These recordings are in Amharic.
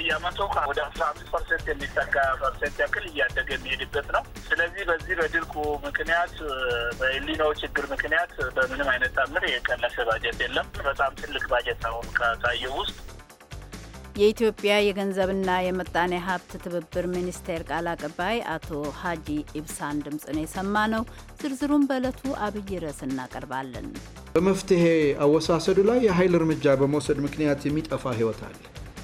በየአመቱ ወደ አስራ አምስት ፐርሰንት የሚጠጋ ፐርሰንት ያክል እያደገ የሚሄድበት ነው። ስለዚህ በዚህ በድርቁ ምክንያት በኤልኒኖ ችግር ምክንያት በምንም አይነት ታምር የቀነሰ ባጀት የለም። በጣም ትልቅ ባጀት ነው ካሳየው ውስጥ የኢትዮጵያ የገንዘብና የመጣኔ ሀብት ትብብር ሚኒስቴር ቃል አቀባይ አቶ ሀጂ ኢብሳን ድምፅ ነው የሰማ ነው። ዝርዝሩን በዕለቱ አብይ ርዕስ እናቀርባለን። በመፍትሄ አወሳሰዱ ላይ የኃይል እርምጃ በመውሰድ ምክንያት የሚጠፋ ህይወት አለ።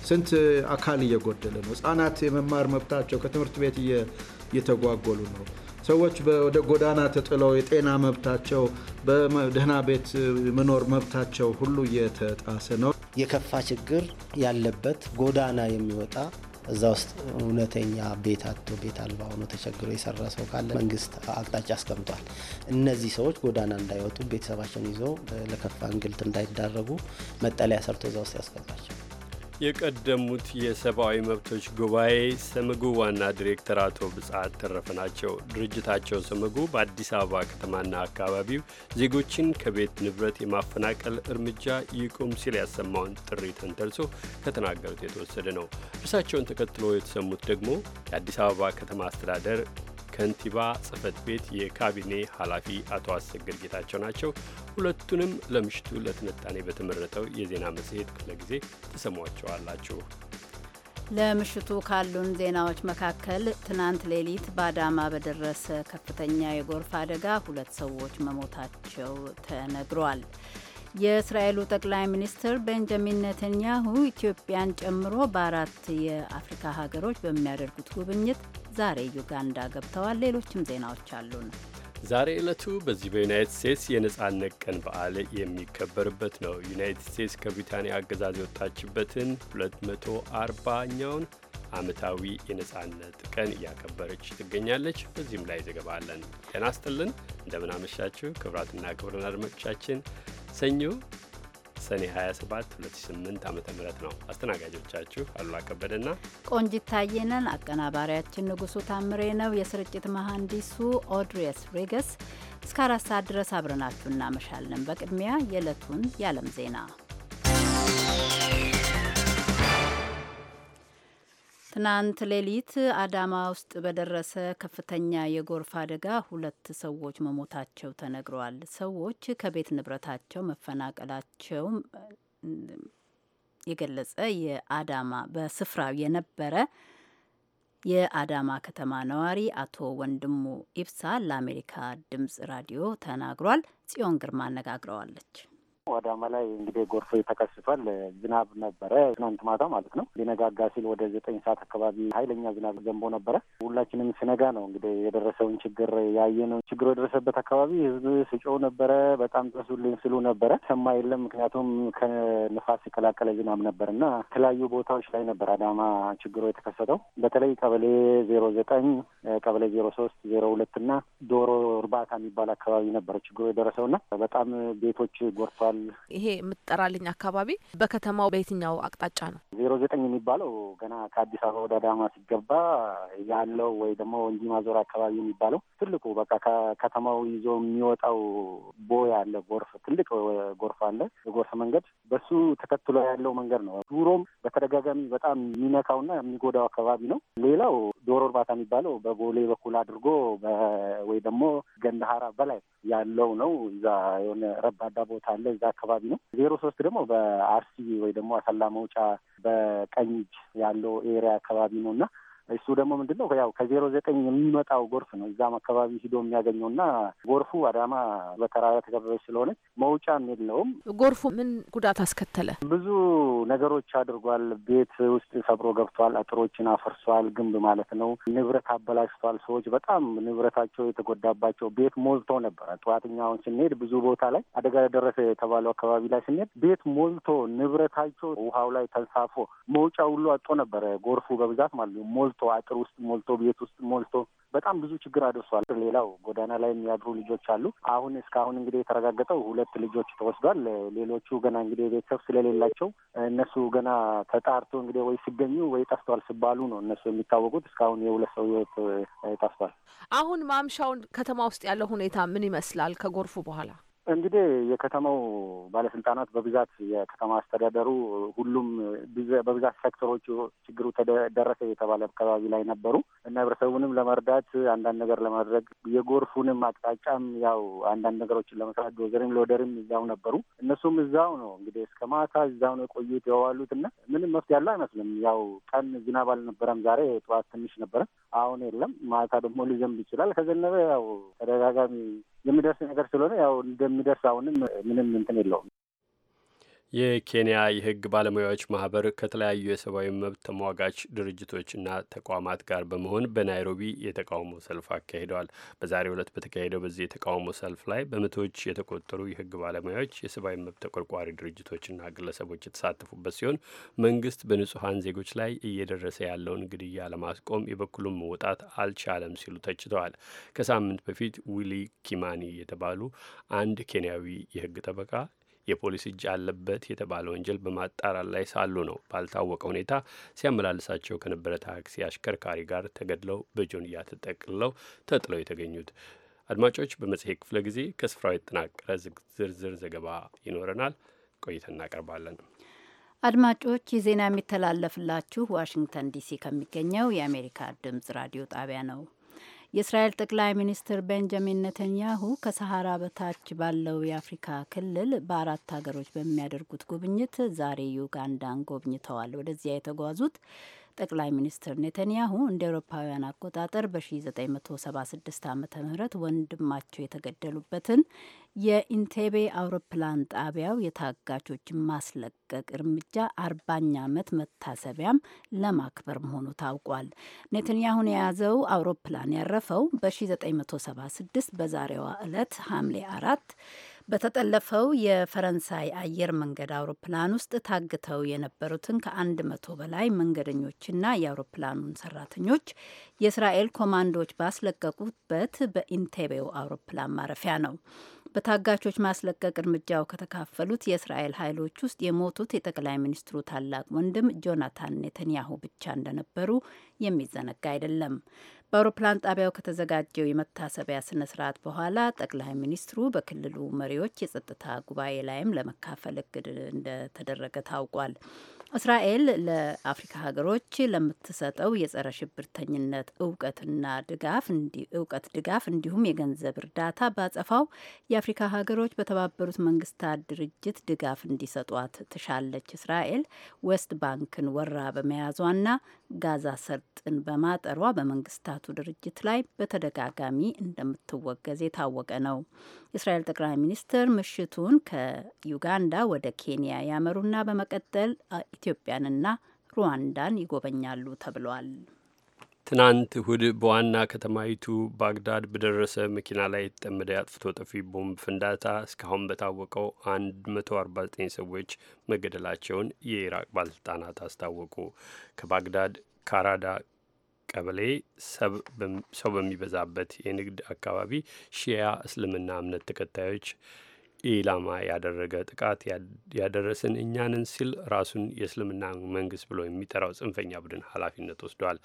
ስንት አካል እየጎደለ ነው። ህጻናት የመማር መብታቸው ከትምህርት ቤት እየተጓጎሉ ነው። ሰዎች ወደ ጎዳና ተጥለው የጤና መብታቸው፣ በደህና ቤት መኖር መብታቸው ሁሉ እየተጣሰ ነው። የከፋ ችግር ያለበት ጎዳና የሚወጣ እዛ ውስጥ እውነተኛ ቤት አቶ ቤት አልባ ሆኖ ተቸግሮ የሰራ ሰው ካለ መንግስት አቅጣጫ አስቀምጧል። እነዚህ ሰዎች ጎዳና እንዳይወጡ ቤተሰባቸውን ይዞ ለከፋ እንግልት እንዳይዳረጉ መጠለያ ሰርቶ እዛ ውስጥ ያስገባቸው። የቀደሙት የሰብአዊ መብቶች ጉባኤ ሰመጉ ዋና ዲሬክተር አቶ ብጻት ተረፈ ናቸው። ድርጅታቸው ሰመጉ በአዲስ አበባ ከተማና አካባቢው ዜጎችን ከቤት ንብረት የማፈናቀል እርምጃ ይቁም ሲል ያሰማውን ጥሪ ተንተርሶ ከተናገሩት የተወሰደ ነው። እርሳቸውን ተከትሎ የተሰሙት ደግሞ የአዲስ አበባ ከተማ አስተዳደር ከንቲባ ጽህፈት ቤት የካቢኔ ኃላፊ አቶ አሰገድ ጌታቸው ናቸው። ሁለቱንም ለምሽቱ ለትንታኔ በተመረጠው የዜና መጽሔት ክፍለ ጊዜ ትሰሟቸዋላችሁ። ለምሽቱ ካሉን ዜናዎች መካከል ትናንት ሌሊት በአዳማ በደረሰ ከፍተኛ የጎርፍ አደጋ ሁለት ሰዎች መሞታቸው ተነግሯል። የእስራኤሉ ጠቅላይ ሚኒስትር ቤንጃሚን ኔተንያሁ ኢትዮጵያን ጨምሮ በአራት የአፍሪካ ሀገሮች በሚያደርጉት ጉብኝት ዛሬ ዩጋንዳ ገብተዋል። ሌሎችም ዜናዎች አሉን። ዛሬ ዕለቱ በዚህ በዩናይትድ ስቴትስ የነጻነት ቀን በዓል የሚከበርበት ነው። ዩናይትድ ስቴትስ ከብሪታንያ አገዛዝ የወጣችበትን 240ኛውን ዓመታዊ የነጻነት ቀን እያከበረች ትገኛለች። በዚህም ላይ ዘገባ አለን። ጤና ይስጥልን እንደምናመሻችሁ ክቡራትና ክቡራን አድማጮቻችን ሰኞ ሰኔ 27 2008 ዓ ም ነው። አስተናጋጆቻችሁ አሉላ ከበደና ቆንጂት ታየነን፣ አቀናባሪያችን ንጉሱ ታምሬ ነው። የስርጭት መሐንዲሱ ኦድሪየስ ሬገስ። እስከ አራት ሰዓት ድረስ አብረናችሁ እናመሻለን። በቅድሚያ የዕለቱን የዓለም ዜና ትናንት ሌሊት አዳማ ውስጥ በደረሰ ከፍተኛ የጎርፍ አደጋ ሁለት ሰዎች መሞታቸው ተነግረዋል። ሰዎች ከቤት ንብረታቸው መፈናቀላቸው የገለጸ የአዳማ በስፍራው የነበረ የአዳማ ከተማ ነዋሪ አቶ ወንድሙ ኢብሳ ለአሜሪካ ድምጽ ራዲዮ ተናግሯል። ጽዮን ግርማ አነጋግረዋለች። አዳማ ላይ እንግዲህ ጎርፍ ተከስቷል። ዝናብ ነበረ ትናንት ማታ ማለት ነው። ሊነጋጋ ሲል ወደ ዘጠኝ ሰዓት አካባቢ ኃይለኛ ዝናብ ዘንቦ ነበረ። ሁላችንም ስነጋ ነው እንግዲህ የደረሰውን ችግር ያየነው። ችግሩ የደረሰበት አካባቢ ህዝብ ስጮው ነበረ። በጣም ድረሱልኝ ስሉ ነበረ። ሰማ የለም ምክንያቱም ከንፋስ የቀላቀለ ዝናብ ነበር እና የተለያዩ ቦታዎች ላይ ነበር አዳማ ችግሩ የተከሰተው። በተለይ ቀበሌ ዜሮ ዘጠኝ ቀበሌ ዜሮ ሶስት ዜሮ ሁለት እና ዶሮ እርባታ የሚባል አካባቢ ነበረ ችግሩ የደረሰው እና በጣም ቤቶች ጎርቷል። ይባላል። ይሄ የምትጠራልኝ አካባቢ በከተማው በየትኛው አቅጣጫ ነው? ዜሮ ዘጠኝ የሚባለው ገና ከአዲስ አበባ ወደ አዳማ ሲገባ ያለው ወይ ደግሞ ወንጂ ማዞር አካባቢ የሚባለው ትልቁ በቃ ከከተማው ይዞ የሚወጣው ቦይ አለ፣ ጎርፍ ትልቅ ጎርፍ አለ፣ የጎርፍ መንገድ በሱ ተከትሎ ያለው መንገድ ነው። ዱሮም በተደጋጋሚ በጣም የሚነካውና የሚጎዳው አካባቢ ነው። ሌላው ዶሮ እርባታ የሚባለው በቦሌ በኩል አድርጎ ወይ ደግሞ ገንዳሀራ በላይ ያለው ነው። እዛ የሆነ ረባዳ ቦታ አለ አካባቢ ነው። ዜሮ ሶስት ደግሞ በአርሲ ወይ ደግሞ አሰላ መውጫ በቀኝ እጅ ያለው ኤሪያ አካባቢ ነው እና እሱ ደግሞ ምንድን ነው ያው ከዜሮ ዘጠኝ የሚመጣው ጎርፍ ነው እዛም አካባቢ ሂዶ የሚያገኘው እና ጎርፉ አዳማ በተራራ የተከበበች ስለሆነች መውጫ የለውም። ጎርፉ ምን ጉዳት አስከተለ? ብዙ ነገሮች አድርጓል። ቤት ውስጥ ሰብሮ ገብቷል። አጥሮችን አፈርሷል። ግንብ ማለት ነው። ንብረት አበላሽቷል። ሰዎች በጣም ንብረታቸው የተጎዳባቸው ቤት ሞልቶ ነበረ። ጠዋትኛውን ስንሄድ ብዙ ቦታ ላይ አደጋ ደረሰ የተባለው አካባቢ ላይ ስንሄድ ቤት ሞልቶ ንብረታቸው ውሃው ላይ ተንሳፎ መውጫ ሁሉ አጦ ነበረ። ጎርፉ በብዛት ማለት ነው ሞልቶ አጥር ውስጥ ሞልቶ ቤት ውስጥ ሞልቶ በጣም ብዙ ችግር አድርሷል። ሌላው ጎዳና ላይ የሚያድሩ ልጆች አሉ። አሁን እስካሁን እንግዲህ የተረጋገጠው ሁለት ልጆች ተወስዷል። ሌሎቹ ገና እንግዲህ ቤተሰብ ስለሌላቸው እነሱ ገና ተጣርቶ እንግዲህ ወይ ሲገኙ ወይ ጠፍቷል ሲባሉ ነው እነሱ የሚታወቁት። እስካሁን የሁለት ሰው ህይወት ጠፍቷል። አሁን ማምሻውን ከተማ ውስጥ ያለው ሁኔታ ምን ይመስላል ከጎርፉ በኋላ? እንግዲህ የከተማው ባለስልጣናት በብዛት የከተማ አስተዳደሩ ሁሉም በብዛት ሴክተሮቹ ችግሩ ተደረሰ የተባለ አካባቢ ላይ ነበሩ እና ህብረተሰቡንም ለመርዳት አንዳንድ ነገር ለማድረግ የጎርፉንም አቅጣጫም ያው አንዳንድ ነገሮችን ለመስራት ዶዘርም ሎደርም እዛው ነበሩ። እነሱም እዛው ነው እንግዲህ እስከ ማታ እዛው ነው የቆዩት የዋሉት እና ምንም መፍትሄ ያለው አይመስልም። ያው ቀን ዝናብ አልነበረም። ዛሬ ጠዋት ትንሽ ነበረ፣ አሁን የለም። ማታ ደግሞ ሊዘንብ ይችላል። ከዘነበ ያው ተደጋጋሚ የሚደርስ ነገር ስለሆነ ያው እንደሚደርስ አሁንም ምንም እንትን የለውም። የኬንያ የሕግ ባለሙያዎች ማህበር ከተለያዩ የሰብአዊ መብት ተሟጋች ድርጅቶችና ተቋማት ጋር በመሆን በናይሮቢ የተቃውሞ ሰልፍ አካሂደዋል። በዛሬ ዕለት በተካሄደው በዚህ የተቃውሞ ሰልፍ ላይ በመቶዎች የተቆጠሩ የሕግ ባለሙያዎች፣ የሰብአዊ መብት ተቆርቋሪ ድርጅቶችና ግለሰቦች የተሳተፉበት ሲሆን መንግስት በንጹሐን ዜጎች ላይ እየደረሰ ያለውን ግድያ ለማስቆም የበኩሉን መውጣት አልቻለም ሲሉ ተችተዋል። ከሳምንት በፊት ዊሊ ኪማኒ የተባሉ አንድ ኬንያዊ የሕግ ጠበቃ የፖሊስ እጅ አለበት የተባለ ወንጀል በማጣራት ላይ ሳሉ ነው ባልታወቀ ሁኔታ ሲያመላልሳቸው ከነበረ ታክሲ አሽከርካሪ ጋር ተገድለው በጆንያ ተጠቅልለው ተጥለው የተገኙት። አድማጮች፣ በመጽሔት ክፍለ ጊዜ ከስፍራው የተጠናቀረ ዝርዝር ዘገባ ይኖረናል። ቆይተን እናቀርባለን። አድማጮች ይህ ዜና የሚተላለፍላችሁ ዋሽንግተን ዲሲ ከሚገኘው የአሜሪካ ድምጽ ራዲዮ ጣቢያ ነው። የእስራኤል ጠቅላይ ሚኒስትር ቤንጃሚን ነተንያሁ ከሰሃራ በታች ባለው የአፍሪካ ክልል በአራት ሀገሮች በሚያደርጉት ጉብኝት ዛሬ ዩጋንዳን ጎብኝተዋል። ወደዚያ የተጓዙት ጠቅላይ ሚኒስትር ኔተንያሁ እንደ አውሮፓውያን አቆጣጠር በ1976 ዓ ም ወንድማቸው የተገደሉበትን የኢንቴቤ አውሮፕላን ጣቢያው የታጋቾችን ማስለቀቅ እርምጃ አርባኛ ዓመት መታሰቢያም ለማክበር መሆኑ ታውቋል። ኔተንያሁን የያዘው አውሮፕላን ያረፈው በ1976 በዛሬዋ ዕለት ሐምሌ አራት በተጠለፈው የፈረንሳይ አየር መንገድ አውሮፕላን ውስጥ ታግተው የነበሩትን ከአንድ መቶ በላይ መንገደኞችና የአውሮፕላኑን ሰራተኞች የእስራኤል ኮማንዶዎች ባስለቀቁበት በኢንቴቤው አውሮፕላን ማረፊያ ነው። በታጋቾች ማስለቀቅ እርምጃው ከተካፈሉት የእስራኤል ኃይሎች ውስጥ የሞቱት የጠቅላይ ሚኒስትሩ ታላቅ ወንድም ጆናታን ኔተንያሁ ብቻ እንደነበሩ የሚዘነጋ አይደለም። በአውሮፕላን ጣቢያው ከተዘጋጀው የመታሰቢያ ስነ ስርዓት በኋላ ጠቅላይ ሚኒስትሩ በክልሉ መሪዎች የጸጥታ ጉባኤ ላይም ለመካፈል እቅድ እንደተደረገ ታውቋል። እስራኤል ለአፍሪካ ሀገሮች ለምትሰጠው የጸረ ሽብርተኝነት እውቀትና ድጋፍ እውቀት ድጋፍ እንዲሁም የገንዘብ እርዳታ ባጸፋው የአፍሪካ ሀገሮች በተባበሩት መንግስታት ድርጅት ድጋፍ እንዲሰጧት ትሻለች። እስራኤል ዌስት ባንክን ወራ በመያዟና ጋዛ ሰርጥን በማጠሯ በመንግስታቱ ድርጅት ላይ በተደጋጋሚ እንደምትወገዝ የታወቀ ነው። የእስራኤል ጠቅላይ ሚኒስትር ምሽቱን ከዩጋንዳ ወደ ኬንያ ያመሩና በመቀጠል ኢትዮጵያንና ሩዋንዳን ይጎበኛሉ ተብሏል። ትናንት እሁድ በዋና ከተማይቱ ባግዳድ በደረሰ መኪና ላይ የተጠመደ አጥፍቶ ጠፊ ቦምብ ፍንዳታ እስካሁን በታወቀው 149 ሰዎች መገደላቸውን የኢራቅ ባለስልጣናት አስታወቁ። ከባግዳድ ካራዳ ቀበሌ ሰው በሚበዛበት የንግድ አካባቢ ሺያ እስልምና እምነት ተከታዮች ኢላማ ያደረገ ጥቃት ያደረስን እኛንን ሲል ራሱን የእስልምና መንግስት ብሎ የሚጠራው ጽንፈኛ ቡድን ኃላፊነት ወስዷል።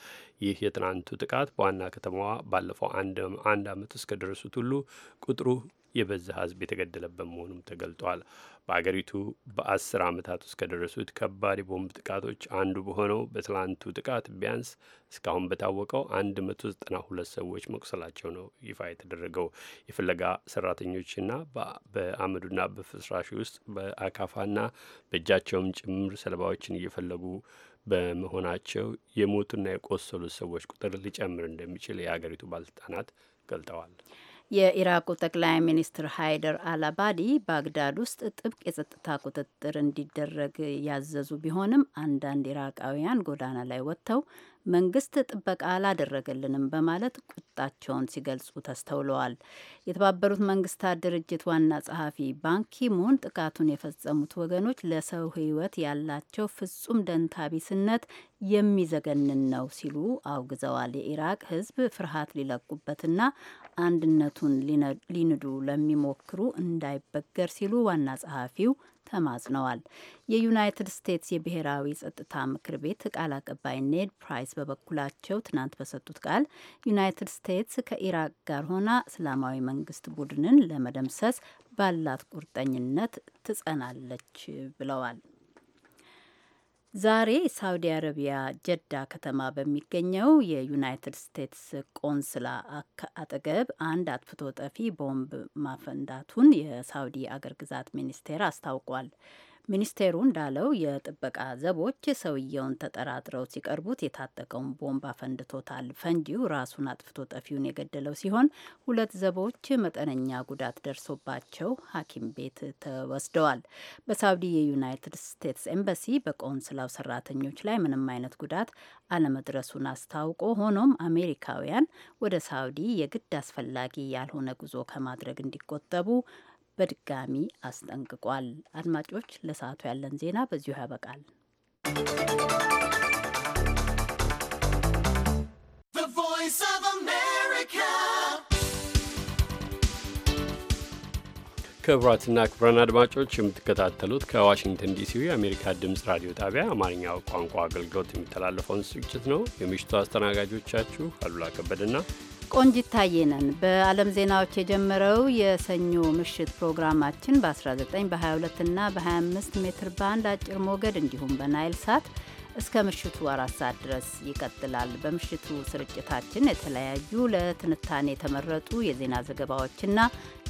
ይህ የትናንቱ ጥቃት በዋና ከተማዋ ባለፈው አንድ ዓመት እስከ ደረሱት ሁሉ ቁጥሩ የበዛ ህዝብ የተገደለበት መሆኑም ተገልጧል። በአገሪቱ በአስር ዓመታት ውስጥ ከደረሱት ከባድ የቦምብ ጥቃቶች አንዱ በሆነው በትላንቱ ጥቃት ቢያንስ እስካሁን በታወቀው 192 ሰዎች መቁሰላቸው ነው ይፋ የተደረገው። የፍለጋ ሰራተኞችና በአመዱና በፍስራሽ ውስጥ በአካፋና በእጃቸውም ጭምር ሰለባዎችን እየፈለጉ በመሆናቸው የሞቱና የቆሰሉት ሰዎች ቁጥር ሊጨምር እንደሚችል የአገሪቱ ባለስልጣናት ገልጠዋል። የኢራቁ ጠቅላይ ሚኒስትር ሃይደር አልአባዲ ባግዳድ ውስጥ ጥብቅ የጸጥታ ቁጥጥር እንዲደረግ ያዘዙ ቢሆንም አንዳንድ ኢራቃውያን ጎዳና ላይ ወጥተው መንግስት ጥበቃ አላደረገልንም በማለት ቁጣቸውን ሲገልጹ ተስተውለዋል። የተባበሩት መንግስታት ድርጅት ዋና ጸሐፊ ባንኪሙን ጥቃቱን የፈጸሙት ወገኖች ለሰው ሕይወት ያላቸው ፍጹም ደንታቢስነት የሚዘገንን ነው ሲሉ አውግዘዋል። የኢራቅ ሕዝብ ፍርሃት ሊለቁበትና አንድነቱን ሊንዱ ለሚሞክሩ እንዳይበገር ሲሉ ዋና ጸሐፊው ተማጽነዋል። የዩናይትድ ስቴትስ የብሔራዊ ጸጥታ ምክር ቤት ቃል አቀባይ ኔድ ፕራይስ በበኩላቸው ትናንት በሰጡት ቃል ዩናይትድ ስቴትስ ከኢራቅ ጋር ሆና እስላማዊ መንግስት ቡድንን ለመደምሰስ ባላት ቁርጠኝነት ትጸናለች ብለዋል። ዛሬ ሳውዲ አረቢያ ጀዳ ከተማ በሚገኘው የዩናይትድ ስቴትስ ቆንስላ አጠገብ አንድ አጥፍቶ ጠፊ ቦምብ ማፈንዳቱን የሳውዲ አገር ግዛት ሚኒስቴር አስታውቋል። ሚኒስቴሩ እንዳለው የጥበቃ ዘቦች ሰውየውን ተጠራጥረው ሲቀርቡት የታጠቀውን ቦምብ አፈንድቶታል። ፈንጂው ራሱን አጥፍቶ ጠፊውን የገደለው ሲሆን ሁለት ዘቦች መጠነኛ ጉዳት ደርሶባቸው ሐኪም ቤት ተወስደዋል። በሳውዲ የዩናይትድ ስቴትስ ኤምባሲ በቆንስላው ሰራተኞች ላይ ምንም አይነት ጉዳት አለመድረሱን አስታውቆ ሆኖም አሜሪካውያን ወደ ሳውዲ የግድ አስፈላጊ ያልሆነ ጉዞ ከማድረግ እንዲቆጠቡ በድጋሚ አስጠንቅቋል። አድማጮች፣ ለሰዓቱ ያለን ዜና በዚሁ ያበቃል። ክቡራትና ክቡራን አድማጮች የምትከታተሉት ከዋሽንግተን ዲሲ የአሜሪካ ድምፅ ራዲዮ ጣቢያ አማርኛው ቋንቋ አገልግሎት የሚተላለፈውን ስርጭት ነው። የምሽቱ አስተናጋጆቻችሁ አሉላ ከበደና ቆንጂት ታዬ ነን። በዓለም ዜናዎች የጀመረው የሰኞ ምሽት ፕሮግራማችን በ19 በ22ና በ25 ሜትር ባንድ አጭር ሞገድ እንዲሁም በናይል ሳት እስከ ምሽቱ አራት ሰዓት ድረስ ይቀጥላል። በምሽቱ ስርጭታችን የተለያዩ ለትንታኔ የተመረጡ የዜና ዘገባዎችና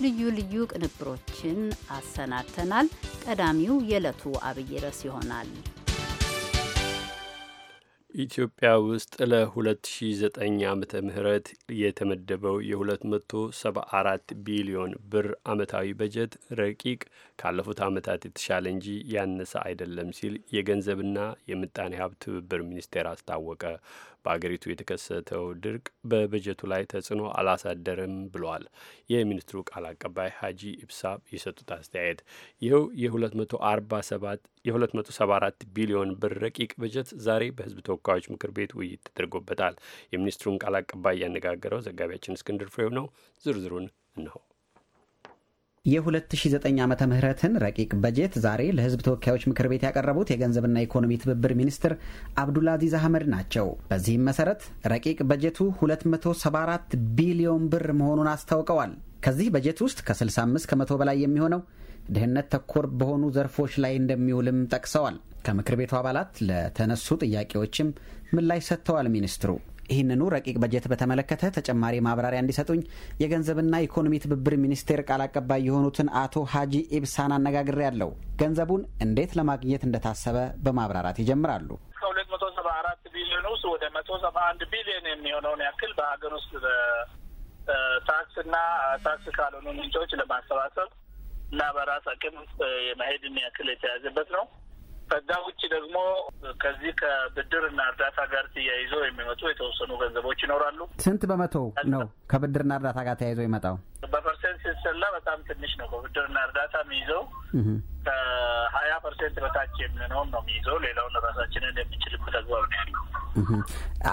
ልዩ ልዩ ቅንብሮችን አሰናድተናል። ቀዳሚው የዕለቱ አብይ ርዕስ ይሆናል። ኢትዮጵያ ውስጥ ለ2009 ዓመተ ምህረት የተመደበው የ274 ቢሊዮን ብር ዓመታዊ በጀት ረቂቅ ካለፉት ዓመታት የተሻለ እንጂ ያነሰ አይደለም ሲል የገንዘብና የምጣኔ ሀብት ትብብር ሚኒስቴር አስታወቀ። በአገሪቱ የተከሰተው ድርቅ በበጀቱ ላይ ተጽዕኖ አላሳደርም ብለዋል። የሚኒስትሩ ቃል አቀባይ ሀጂ ኢብሳ የሰጡት አስተያየት ይኸው የ247 የ274 ቢሊዮን ብር ረቂቅ በጀት ዛሬ በህዝብ ተወካዮች ምክር ቤት ውይይት ተደርጎበታል። የሚኒስትሩን ቃል አቀባይ ያነጋገረው ዘጋቢያችን እስክንድር ፍሬው ነው። ዝርዝሩን ነው የ2009 ዓ ምህረትን ረቂቅ በጀት ዛሬ ለህዝብ ተወካዮች ምክር ቤት ያቀረቡት የገንዘብና ኢኮኖሚ ትብብር ሚኒስትር አብዱልአዚዝ አህመድ ናቸው። በዚህም መሰረት ረቂቅ በጀቱ 274 ቢሊዮን ብር መሆኑን አስታውቀዋል። ከዚህ በጀት ውስጥ ከ65 ከመቶ በላይ የሚሆነው ድህነት ተኮር በሆኑ ዘርፎች ላይ እንደሚውልም ጠቅሰዋል። ከምክር ቤቱ አባላት ለተነሱ ጥያቄዎችም ምላሽ ሰጥተዋል ሚኒስትሩ ይህንኑ ረቂቅ በጀት በተመለከተ ተጨማሪ ማብራሪያ እንዲሰጡኝ የገንዘብና ኢኮኖሚ ትብብር ሚኒስቴር ቃል አቀባይ የሆኑትን አቶ ሀጂ ኢብሳን አነጋግሬ ያለው ገንዘቡን እንዴት ለማግኘት እንደታሰበ በማብራራት ይጀምራሉ። ከሁለት መቶ ሰባ አራት ቢሊዮን ውስጥ ወደ መቶ ሰባ አንድ ቢሊዮን የሚሆነውን ያክል በሀገር ውስጥ ታክስ እና ታክስ ካልሆኑ ምንጮች ለማሰባሰብ እና በራስ አቅም የመሄድ የሚያክል የተያዘበት ነው። ከዛ ውጭ ደግሞ ከዚህ ከብድርና እርዳታ ጋር ተያይዞ የሚመጡ የተወሰኑ ገንዘቦች ይኖራሉ። ስንት በመቶ ነው ከብድርና እርዳታ ጋር ተያይዞ ይመጣው? በፐርሰንት ስንሰላ በጣም ትንሽ ነው። በብድርና እርዳታ የሚይዘው ከሀያ ፐርሰንት በታች የምንሆን ነው የሚይዘው። ሌላውን ራሳችንን የምንችልበት አግባብ ነው ያለው።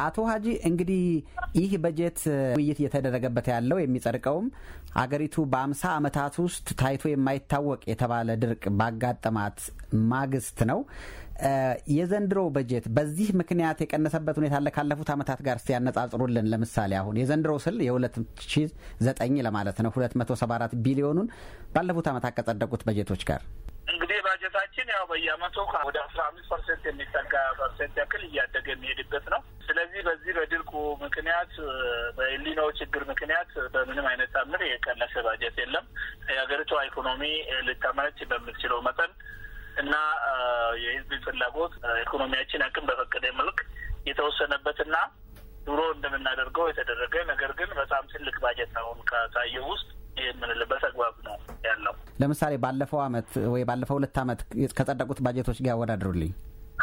አቶ ሀጂ እንግዲህ ይህ በጀት ውይይት እየተደረገበት ያለው የሚጸድቀውም አገሪቱ በአምሳ ዓመታት ውስጥ ታይቶ የማይታወቅ የተባለ ድርቅ ባጋጠማት ማግስት ነው። የዘንድሮ በጀት በዚህ ምክንያት የቀነሰበት ሁኔታ አለ? ካለፉት ዓመታት ጋር ሲያነጻጽሩልን። ለምሳሌ አሁን የዘንድሮ ስል የ2009 ለማለት ነው 274 ቢሊዮኑን ባለፉት ዓመታት ከጸደቁት በጀቶች ጋር እንግዲህ ባጀታችን ያው በየአመቱ ወደ አስራ አምስት ፐርሰንት የሚጠጋ ፐርሰንት ያክል እያደገ የሚሄድበት ነው። ስለዚህ በዚህ በድርቁ ምክንያት በኤሊኖ ችግር ምክንያት በምንም አይነት ታምር የቀነሰ ባጀት የለም። የሀገሪቷ ኢኮኖሚ ልታመነጭ በምትችለው መጠን እና የህዝብ ፍላጎት ኢኮኖሚያችን አቅም በፈቀደ መልክ የተወሰነበትና ድሮ እንደምናደርገው የተደረገ ነገር ግን በጣም ትልቅ ባጀት አሁን ካሳየው ውስጥ የምንልበት አግባብ ነው ያለው። ለምሳሌ ባለፈው አመት ወይ ባለፈው ሁለት አመት ከጸደቁት ባጀቶች ጋር ያወዳድሩልኝ።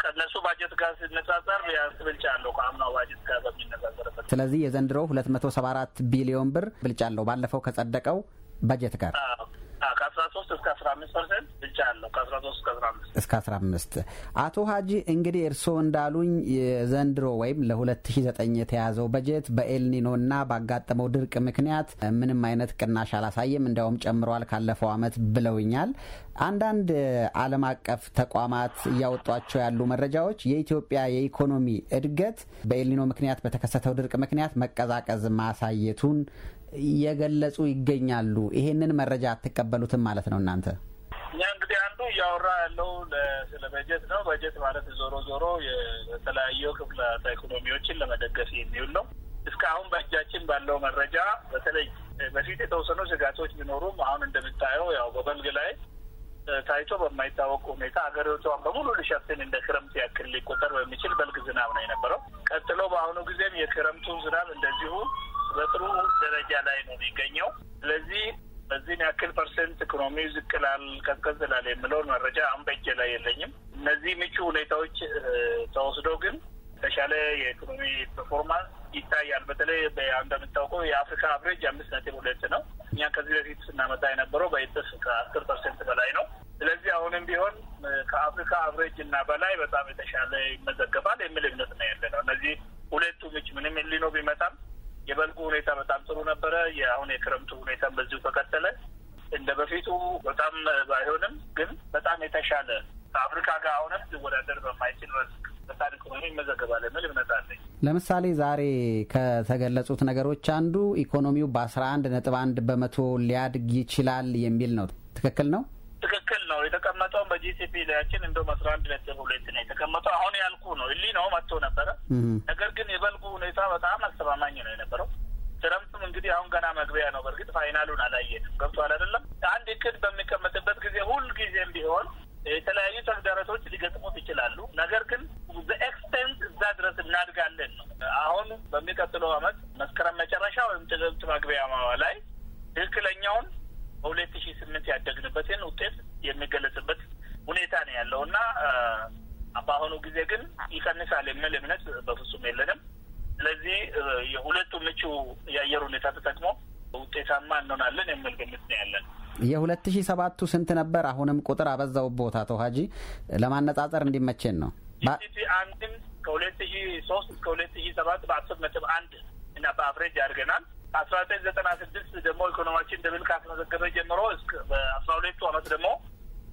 ከእነሱ ባጀት ጋር ሲነጻጸር ቢያንስ ብልጫ አለው ከአምናው ባጀት ጋር በሚነጻጸርበት። ስለዚህ የዘንድሮ ሁለት መቶ ሰባ አራት ቢሊዮን ብር ብልጫ አለው ባለፈው ከጸደቀው ባጀት ጋር ከአስራ ሶስት እስከ አስራ አምስት ፐርሰንት ብቻ ያለው ከአስራ ሶስት እስከ አስራ አምስት እስከ አስራ አምስት አቶ ሀጂ እንግዲህ እርስዎ እንዳሉኝ የዘንድሮ ወይም ለሁለት ሺ ዘጠኝ የተያዘው በጀት በኤልኒኖ እና ባጋጠመው ድርቅ ምክንያት ምንም አይነት ቅናሽ አላሳየም፣ እንዲያውም ጨምሯል ካለፈው አመት ብለውኛል። አንዳንድ ዓለም አቀፍ ተቋማት እያወጧቸው ያሉ መረጃዎች የኢትዮጵያ የኢኮኖሚ እድገት በኤልኒኖ ምክንያት በተከሰተው ድርቅ ምክንያት መቀዛቀዝ ማሳየቱን እየገለጹ ይገኛሉ። ይሄንን መረጃ አትቀበሉትም ማለት ነው እናንተ? እኛ እንግዲህ አንዱ እያወራ ያለው ስለ በጀት ነው። በጀት ማለት ዞሮ ዞሮ የተለያዩ ክፍላተ ኢኮኖሚዎችን ለመደገፍ የሚውል ነው። እስካሁን በእጃችን ባለው መረጃ በተለይ በፊት የተወሰኑ ስጋቶች ቢኖሩም አሁን እንደምታየው ያው በበልግ ላይ ታይቶ በማይታወቅ ሁኔታ ሀገሪቷን በሙሉ ሊሸፍን እንደ ክረምት ያክል ሊቆጠር በሚችል በልግ ዝናብ ነው የነበረው። ቀጥሎ በአሁኑ ጊዜም የክረምቱ ዝናብ እንደዚሁ በጥሩ ደረጃ ላይ ነው የሚገኘው። ስለዚህ በዚህን ያክል ፐርሰንት ኢኮኖሚ ዝቅ ላል ቀዝቀዝ ላል የምለውን መረጃ አሁን በእጄ ላይ የለኝም። እነዚህ ምቹ ሁኔታዎች ተወስዶ ግን የተሻለ የኢኮኖሚ ፐርፎርማንስ ይታያል። በተለይ እንደምታውቀው የአፍሪካ አብሬጅ አምስት ነጥብ ሁለት ነው። እኛ ከዚህ በፊት ስናመጣ የነበረው በይጥፍ ከአስር ፐርሰንት በላይ ነው። ስለዚህ አሁንም ቢሆን ከአፍሪካ አብሬጅ እና በላይ በጣም የተሻለ ይመዘገባል የሚል እምነት ነው ያለ ነው። እነዚህ ሁለቱ ምች ምንም ሊኖ ቢመጣም የበልጉ ሁኔታ በጣም ጥሩ ነበረ። የአሁን የክረምቱ ሁኔታም በዚሁ ተከተለ። እንደ በፊቱ በጣም ባይሆንም ግን በጣም የተሻለ ከአፍሪካ ጋር አሁንም ሊወዳደር በማይችል በታሪክ ሆኖ ይመዘገባል የሚል እምነት አለኝ። ለምሳሌ ዛሬ ከተገለጹት ነገሮች አንዱ ኢኮኖሚው በአስራ አንድ ነጥብ አንድ በመቶ ሊያድግ ይችላል የሚል ነው። ትክክል ነው። ትክክል ነው የተቀመጠውን በጂሲፒ ላያችን እንደውም አስራ አንድ ነጥብ ሁለት ነው የተቀመጠው። አሁን ያልኩ ነው እሊ ነው መጥቶ ነበረ። ነገር ግን የበልጉ ሁኔታ በጣም አስተማማኝ ነው የነበረው። ክረምቱም እንግዲህ አሁን ገና መግቢያ ነው። በእርግጥ ፋይናሉን አላየንም። ገብቷል አይደለም? አንድ እቅድ በሚቀመጥበት ጊዜ ሁል ጊዜም ቢሆን የተለያዩ ተግዳሮቶች ሊገጥሙት ይችላሉ። ነገር ግን በኤክስቴንት እዛ ድረስ እናድጋለን ነው። አሁን በሚቀጥለው አመት መስከረም መጨረሻ ወይም ጥቅምት መግቢያ ላይ ትክክለኛውን በሁለት ሺ ስምንት ያደግንበትን ውጤት የሚገለጽበት ሁኔታ ነው ያለው እና በአሁኑ ጊዜ ግን ይቀንሳል የሚል እምነት በፍጹም የለንም። ስለዚህ የሁለቱ ምቹ የአየር ሁኔታ ተጠቅሞ ውጤታማ እንሆናለን የሚል ግምት ነው ያለን። የሁለት ሺ ሰባቱ ስንት ነበር? አሁንም ቁጥር አበዛው ቦታ አቶ ሀጂ ለማነጻጸር እንዲመቼን ነው። አንድም ከሁለት ሺ ሶስት እስከ ሁለት ሺ ሰባት በአስር ነጥብ አንድ እና በአፍሬጅ አድርገናል። አስራ ዘጠኝ ዘጠና ስድስት ደግሞ ኢኮኖሚያችን ደብል ካስመዘገበ ጀምሮ እስከ በአስራ ሁለቱ አመት ደግሞ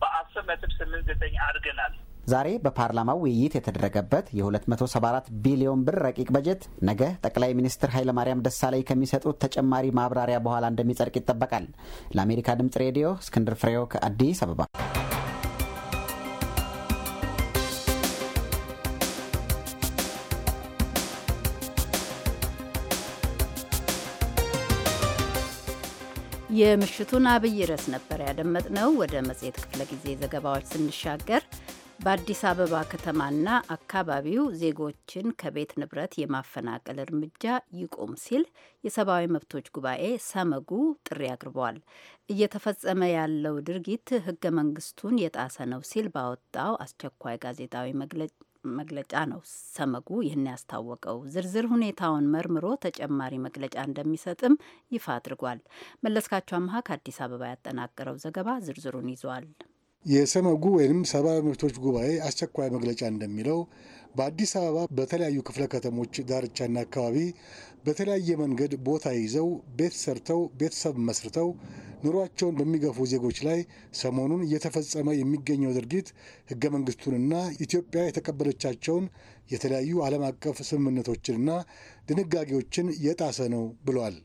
በአስር ነጥብ ስምንት ዘጠኝ አድገናል። ዛሬ በፓርላማው ውይይት የተደረገበት የ274 ቢሊዮን ብር ረቂቅ በጀት ነገ ጠቅላይ ሚኒስትር ኃይለማርያም ደሳለኝ ከሚሰጡት ተጨማሪ ማብራሪያ በኋላ እንደሚጸድቅ ይጠበቃል። ለአሜሪካ ድምጽ ሬዲዮ እስክንድር ፍሬው ከአዲስ አበባ የምሽቱን አብይ ርዕስ ነበር ያደመጥነው። ወደ መጽሔት ክፍለ ጊዜ ዘገባዎች ስንሻገር በአዲስ አበባ ከተማና አካባቢው ዜጎችን ከቤት ንብረት የማፈናቀል እርምጃ ይቁም ሲል የሰብአዊ መብቶች ጉባኤ ሰመጉ ጥሪ አቅርበዋል። እየተፈጸመ ያለው ድርጊት ህገ መንግስቱን የጣሰ ነው ሲል ባወጣው አስቸኳይ ጋዜጣዊ መግለጫ መግለጫ ነው ሰመጉ ይህን ያስታወቀው። ዝርዝር ሁኔታውን መርምሮ ተጨማሪ መግለጫ እንደሚሰጥም ይፋ አድርጓል። መለስካቸው አምሃ ከአዲስ አበባ ያጠናቀረው ዘገባ ዝርዝሩን ይዟል። የሰመጉ ወይም ሰብአዊ መብቶች ጉባኤ አስቸኳይ መግለጫ እንደሚለው በአዲስ አበባ በተለያዩ ክፍለ ከተሞች ዳርቻና አካባቢ በተለያየ መንገድ ቦታ ይዘው ቤት ሰርተው ቤተሰብ መስርተው ኑሯቸውን በሚገፉ ዜጎች ላይ ሰሞኑን እየተፈጸመ የሚገኘው ድርጊት ህገ መንግስቱንና ኢትዮጵያ የተቀበለቻቸውን የተለያዩ ዓለም አቀፍ ስምምነቶችንና ድንጋጌዎችን የጣሰ ነው ብሏል።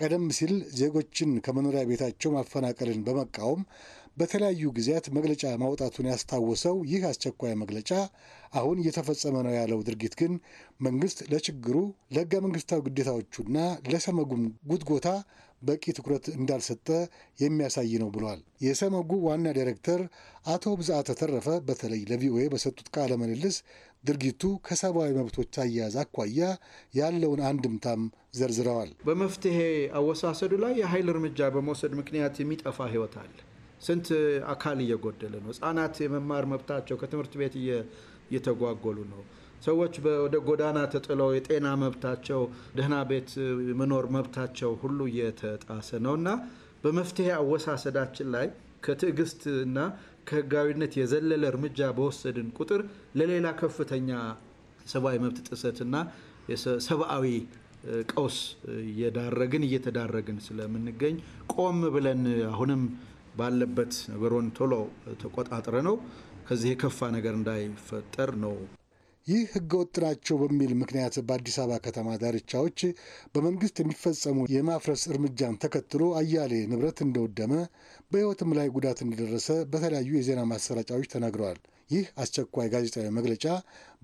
ቀደም ሲል ዜጎችን ከመኖሪያ ቤታቸው ማፈናቀልን በመቃወም በተለያዩ ጊዜያት መግለጫ ማውጣቱን ያስታወሰው ይህ አስቸኳይ መግለጫ አሁን እየተፈጸመ ነው ያለው ድርጊት ግን መንግስት ለችግሩ ለህገ መንግስታዊ ግዴታዎቹና ለሰመጉም ጉትጎታ በቂ ትኩረት እንዳልሰጠ የሚያሳይ ነው ብሏል። የሰመጉ ዋና ዳይሬክተር አቶ ብዝአተ ተተረፈ በተለይ ለቪኦኤ በሰጡት ቃለ ምልልስ ድርጊቱ ከሰብአዊ መብቶች አያያዝ አኳያ ያለውን አንድምታም ዘርዝረዋል። በመፍትሄ አወሳሰዱ ላይ የኃይል እርምጃ በመውሰድ ምክንያት የሚጠፋ ህይወት አለ ስንት አካል እየጎደለ ነው። ህጻናት የመማር መብታቸው ከትምህርት ቤት እየተጓጎሉ ነው። ሰዎች ወደ ጎዳና ተጥለው የጤና መብታቸው፣ ደህና ቤት መኖር መብታቸው ሁሉ እየተጣሰ ነው እና በመፍትሄ አወሳሰዳችን ላይ ከትዕግስት እና ከህጋዊነት የዘለለ እርምጃ በወሰድን ቁጥር ለሌላ ከፍተኛ ሰብአዊ መብት ጥሰትና ሰብአዊ ቀውስ እየዳረግን እየተዳረግን ስለምንገኝ ቆም ብለን አሁንም ባለበት ነገሮን ቶሎ ተቆጣጥረ ነው ከዚህ የከፋ ነገር እንዳይፈጠር ነው። ይህ ህገወጥ ናቸው በሚል ምክንያት በአዲስ አበባ ከተማ ዳርቻዎች በመንግስት የሚፈጸሙ የማፍረስ እርምጃን ተከትሎ አያሌ ንብረት እንደወደመ፣ በህይወትም ላይ ጉዳት እንደደረሰ በተለያዩ የዜና ማሰራጫዎች ተነግረዋል። ይህ አስቸኳይ ጋዜጣዊ መግለጫ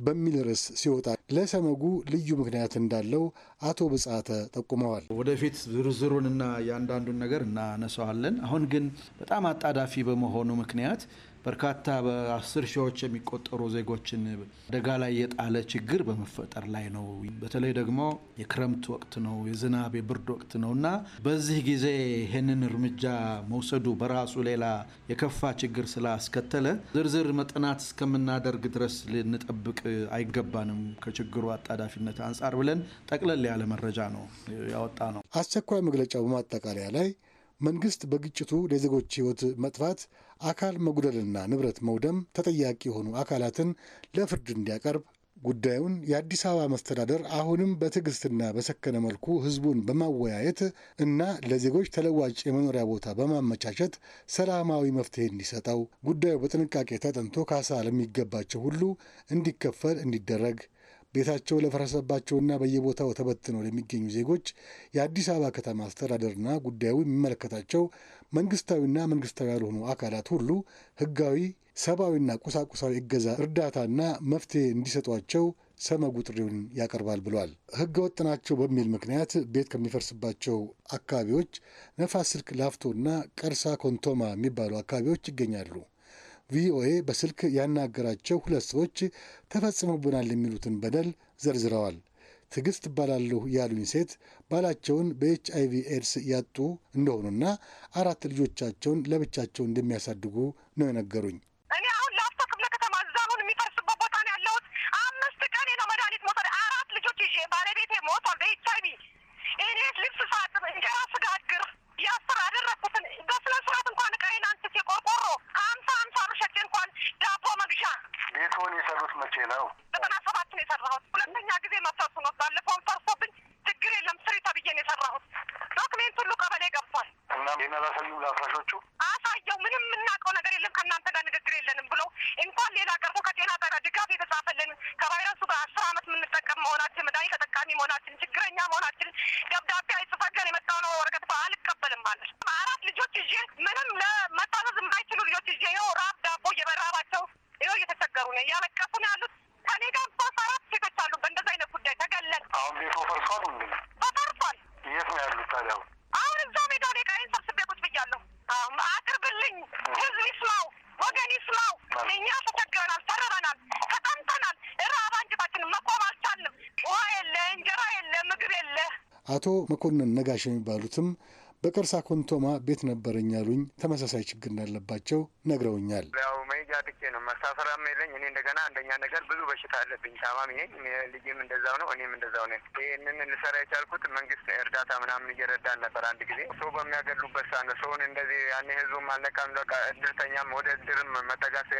በሚል ርዕስ ሲወጣ ለሰመጉ ልዩ ምክንያት እንዳለው አቶ ብጻተ ጠቁመዋል። ወደፊት ዝርዝሩንና የአንዳንዱን ነገር እናነሳዋለን። አሁን ግን በጣም አጣዳፊ በመሆኑ ምክንያት በርካታ በአስር ሺዎች የሚቆጠሩ ዜጎችን አደጋ ላይ የጣለ ችግር በመፈጠር ላይ ነው። በተለይ ደግሞ የክረምት ወቅት ነው፣ የዝናብ የብርድ ወቅት ነው እና በዚህ ጊዜ ይህንን እርምጃ መውሰዱ በራሱ ሌላ የከፋ ችግር ስላስከተለ ዝርዝር መጥናት እስከምናደርግ ድረስ ልንጠብቅ አይገባንም ከችግሩ አጣዳፊነት አንጻር ብለን ጠቅለል ያለ መረጃ ነው ያወጣ ነው። አስቸኳይ መግለጫው በማጠቃለያ ላይ መንግስት በግጭቱ ለዜጎች ህይወት መጥፋት አካል መጉደልና ንብረት መውደም ተጠያቂ የሆኑ አካላትን ለፍርድ እንዲያቀርብ ጉዳዩን የአዲስ አበባ መስተዳደር አሁንም በትዕግስትና በሰከነ መልኩ ህዝቡን በማወያየት እና ለዜጎች ተለዋጭ የመኖሪያ ቦታ በማመቻቸት ሰላማዊ መፍትሄ እንዲሰጠው ጉዳዩ በጥንቃቄ ተጠንቶ ካሳ ለሚገባቸው ሁሉ እንዲከፈል እንዲደረግ ቤታቸው ለፈረሰባቸውና በየቦታው ተበትነው ለሚገኙ ዜጎች የአዲስ አበባ ከተማ አስተዳደርና ጉዳዩ የሚመለከታቸው መንግስታዊና መንግስታዊ ያልሆኑ አካላት ሁሉ ህጋዊ፣ ሰብአዊና ቁሳቁሳዊ እገዛ፣ እርዳታና መፍትሄ እንዲሰጧቸው ሰመጉ ጥሪውን ያቀርባል ብሏል። ህገ ወጥ ናቸው በሚል ምክንያት ቤት ከሚፈርስባቸው አካባቢዎች ነፋስ ስልክ ላፍቶና ቀርሳ ኮንቶማ የሚባሉ አካባቢዎች ይገኛሉ። ቪኦኤ በስልክ ያናገራቸው ሁለት ሰዎች ተፈጽሞብናል የሚሉትን በደል ዘርዝረዋል። ትዕግስት እባላለሁ ያሉኝ ሴት ባላቸውን በኤች አይቪ ኤድስ ያጡ እንደሆኑና አራት ልጆቻቸውን ለብቻቸው እንደሚያሳድጉ ነው የነገሩኝ። እኔ አሁን ላፍቶ ክፍለ ከተማ እዛ አሁን የሚፈርስበት ቦታ ነው ያለሁት። አምስት ቀን ነው መድኃኒት መውሰድ አራት ልጆች ይዤ ባለቤቴ ሞቷል በኤች እኔ ልብስ ሳጥብ እንጀራ ስጋግር ያስር አደረኩትን በስነ ስርዓት እንኳን እቃዬን አንስቼ ቆርቆሮ ሀምሳ ሀምሳ ብር ሸጬ እንኳን ዳቦ መግዣ ቤትሆን የሰሩት መቼ ነው? ዘጠና ሰባት ነው የሰራሁት። ሁለተኛ ጊዜ መፍረሱ ነው። ባለፈውን ፈርሶብኝ ችግር የለም ስሪ ተብዬ ነው የሰራሁት። ዶክሜንት ሁሉ ቀበሌ ገብቷል። እና የመራሰዩ ለአፍራሾቹ አሳየው ምንም የምናውቀው ነገር የለም ከእናንተ ጋር ንግግር የለንም ብሎ እንኳን ሌላ ቀርቶ ከጤና ጋር ድጋፍ የተጻፈልን ከቫይረሱ ጋር አስር አመት የምንጠቀም መሆናችን መድኃኒት ተጠቃሚ መሆናችን ችግረኛ መሆናችን ደብዳቤ አይጽፈገን የመጣው ነው ወረቀት በአልቀበልም ማለት ሁለት ልጆች ይዤ ምንም ለመታዘዝ የማይችሉ ልጆች ይዤ ይኸው ራብ ዳቦ እየበራባቸው ይኸው እየተቸገሩ ነው፣ እያለቀሱ ነው ያሉት። ከኔ ጋር ሶስት አራት ሴቶች አሉ። በእንደዚ አይነት ጉዳይ ተገለል አሁን ቤቶ ፈርሷል። ተፈርሷል? የት ነው ያሉት ታዲያ? አሁን እዛው ሜዳ ላይ ቃይን ሰብስቤ ቁጭ ብያለሁ። አቅርብልኝ፣ ህዝብ ይስማው፣ ወገን ይስማው። እኛ ተቸግረናል፣ ተርበናል፣ ተጠምተናል። ራብ አንጀታችንን መቆም አልቻልንም። ውሃ የለ፣ እንጀራ የለ፣ ምግብ የለ። አቶ መኮንን ነጋሽ የሚባሉትም በቀርሳ ኮንቶማ ቤት ነበረኝ ያሉኝ ተመሳሳይ ችግር እንዳለባቸው ነግረውኛል። ደረጃ አድጌ ነው መሳፈራም የለኝ። እኔ እንደገና አንደኛ ነገር ብዙ በሽታ አለብኝ፣ ታማሚ ነኝ። ልጅም እንደዛው ነው፣ እኔም እንደዛው ነ ይህንን ልሰራ የቻልኩት መንግስት እርዳታ ምናምን እየረዳን ነበር። አንድ ጊዜ ሰው በሚያገሉበት ሰዓት ነው። ሰውን እንደዚህ ያኔ ህዝቡም አልነቃም። በቃ እድርተኛም ወደ እድርም መጠጋት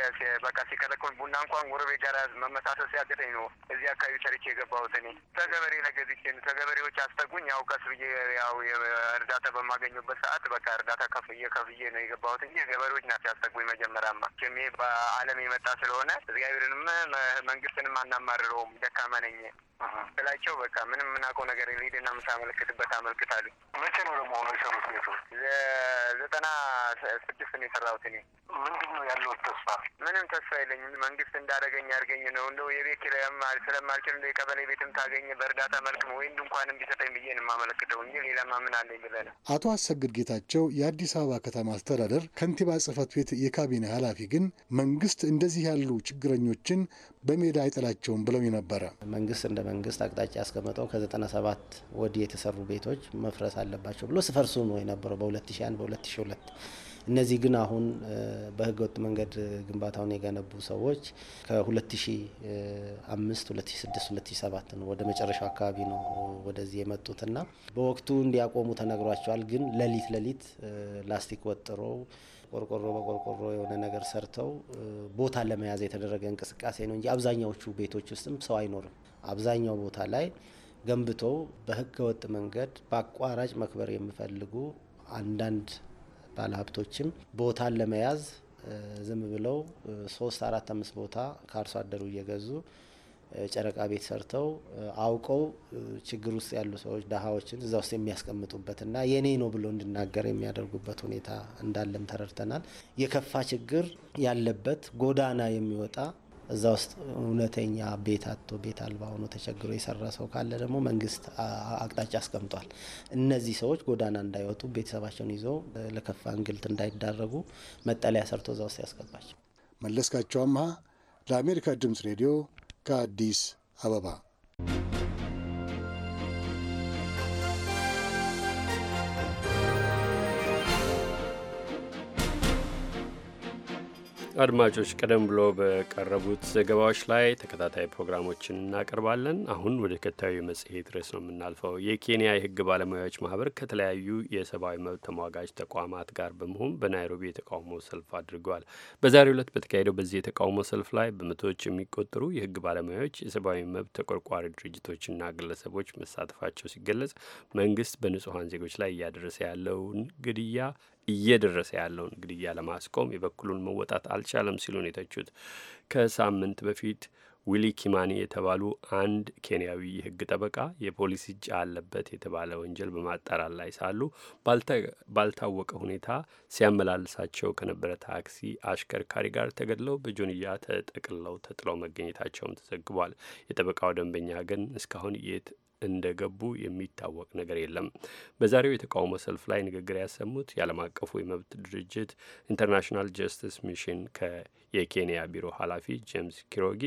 በቃ ሲከለክሉን ቡና እንኳን ጎረቤት ጋር መመሳሰል ሲያቅተኝ ነው እዚህ አካባቢ ሰርቼ የገባሁት። እኔ ተገበሬ ነገዝቼ ተገበሬዎች አስጠጉኝ። ያው ቀስ ብዬ ያው እርዳታ በማገኙበት ሰዓት በቃ እርዳታ ከፍዬ ከፍዬ ነው የገባሁት እንጂ ገበሬዎች ናቸው ያስጠጉኝ መጀመሪያማ በዓለም የመጣ ስለሆነ እግዚአብሔርንም መንግስትንም አናማርረውም። ደካማ ነኝ ስላቸው በቃ ምንም የምናውቀው ነገር ሄድና ምታመለክትበት አመልክታሉ። መቼ ነው ደግሞ ሆኖ የሰሩት ቤቱ? ዘጠና ስድስት ነው የሰራሁት እኔ። ምንድን ነው ያለው ተስፋ? ምንም ተስፋ የለኝም። መንግስት እንዳደረገኝ ያርገኝ ነው እንደው የቤት ስለማልችል እንደ የቀበሌ ቤትም ታገኝ በእርዳታ መልክ ወይም ድንኳንም ቢሰጠኝ ብዬ ነው የማመለክተው እንጂ ሌላ ማምን አለኝ ብለህ ነው። አቶ አሰግድ ጌታቸው የአዲስ አበባ ከተማ አስተዳደር ከንቲባ ጽህፈት ቤት የካቢኔ ኃላፊ ግን መንግስት እንደዚህ ያሉ ችግረኞችን በሜዳ አይጥላቸውም ብለው ነበረ። መንግስት እንደ መንግስት አቅጣጫ ያስቀመጠው ከ97 ወዲህ የተሰሩ ቤቶች መፍረስ አለባቸው ብሎ ስፈርሱ ነው የነበረው በ2001 በ2002 እነዚህ ግን አሁን በህገወጥ መንገድ ግንባታውን የገነቡ ሰዎች ከ2005 2006 2007 ነው ወደ መጨረሻው አካባቢ ነው ወደዚህ የመጡትና በወቅቱ እንዲያቆሙ ተነግሯቸዋል። ግን ለሊት ለሊት ላስቲክ ወጥረው ቆርቆሮ በቆርቆሮ የሆነ ነገር ሰርተው ቦታ ለመያዝ የተደረገ እንቅስቃሴ ነው እንጂ አብዛኛዎቹ ቤቶች ውስጥም ሰው አይኖርም። አብዛኛው ቦታ ላይ ገንብቶ በህገወጥ መንገድ በአቋራጭ መክበር የሚፈልጉ አንዳንድ ባለሀብቶችም ቦታን ለመያዝ ዝም ብለው ሶስት አራት አምስት ቦታ ከአርሶ አደሩ እየገዙ ጨረቃ ቤት ሰርተው አውቀው ችግር ውስጥ ያሉ ሰዎች ድሃዎችን እዛ ውስጥ የሚያስቀምጡበትና የኔ ነው ብሎ እንድናገር የሚያደርጉበት ሁኔታ እንዳለም ተረድተናል። የከፋ ችግር ያለበት ጎዳና የሚወጣ እዛ ውስጥ እውነተኛ ቤት አቶ ቤት አልባ ሆኖ ተቸግሮ የሰራ ሰው ካለ ደግሞ መንግስት አቅጣጫ አስቀምጧል። እነዚህ ሰዎች ጎዳና እንዳይወጡ ቤተሰባቸውን ይዘው ለከፋ እንግልት እንዳይዳረጉ መጠለያ ሰርቶ እዛ ውስጥ ያስገባቸው። መለስካቸው አምሃ ለአሜሪካ ድምጽ ሬዲዮ ከአዲስ አበባ አድማጮች ቀደም ብሎ በቀረቡት ዘገባዎች ላይ ተከታታይ ፕሮግራሞችን እናቀርባለን። አሁን ወደ ተከታዩ መጽሔት ርዕስ ነው የምናልፈው። የኬንያ የሕግ ባለሙያዎች ማህበር ከተለያዩ የሰብአዊ መብት ተሟጋጅ ተቋማት ጋር በመሆን በናይሮቢ የተቃውሞ ሰልፍ አድርገዋል። በዛሬው ዕለት በተካሄደው በዚህ የተቃውሞ ሰልፍ ላይ በመቶዎች የሚቆጠሩ የሕግ ባለሙያዎች፣ የሰብአዊ መብት ተቆርቋሪ ድርጅቶችና ግለሰቦች መሳተፋቸው ሲገለጽ መንግስት በንጹሐን ዜጎች ላይ እያደረሰ ያለውን ግድያ እየደረሰ ያለውን ግድያ ለማስቆም የበኩሉን መወጣት አልቻለም ሲሉን የተቹት። ከሳምንት በፊት ዊሊ ኪማኒ የተባሉ አንድ ኬንያዊ የሕግ ጠበቃ የፖሊስ እጅ አለበት የተባለ ወንጀል በማጣራት ላይ ሳሉ ባልታወቀ ሁኔታ ሲያመላልሳቸው ከነበረ ታክሲ አሽከርካሪ ጋር ተገድለው በጆንያ ተጠቅለው ተጥለው መገኘታቸውም ተዘግቧል። የጠበቃው ደንበኛ ግን እስካሁን የት እንደገቡ የሚታወቅ ነገር የለም። በዛሬው የተቃውሞ ሰልፍ ላይ ንግግር ያሰሙት የዓለም አቀፉ የመብት ድርጅት ኢንተርናሽናል ጀስቲስ ሚሽን የኬንያ ቢሮ ኃላፊ ጄምስ ኪሮጊ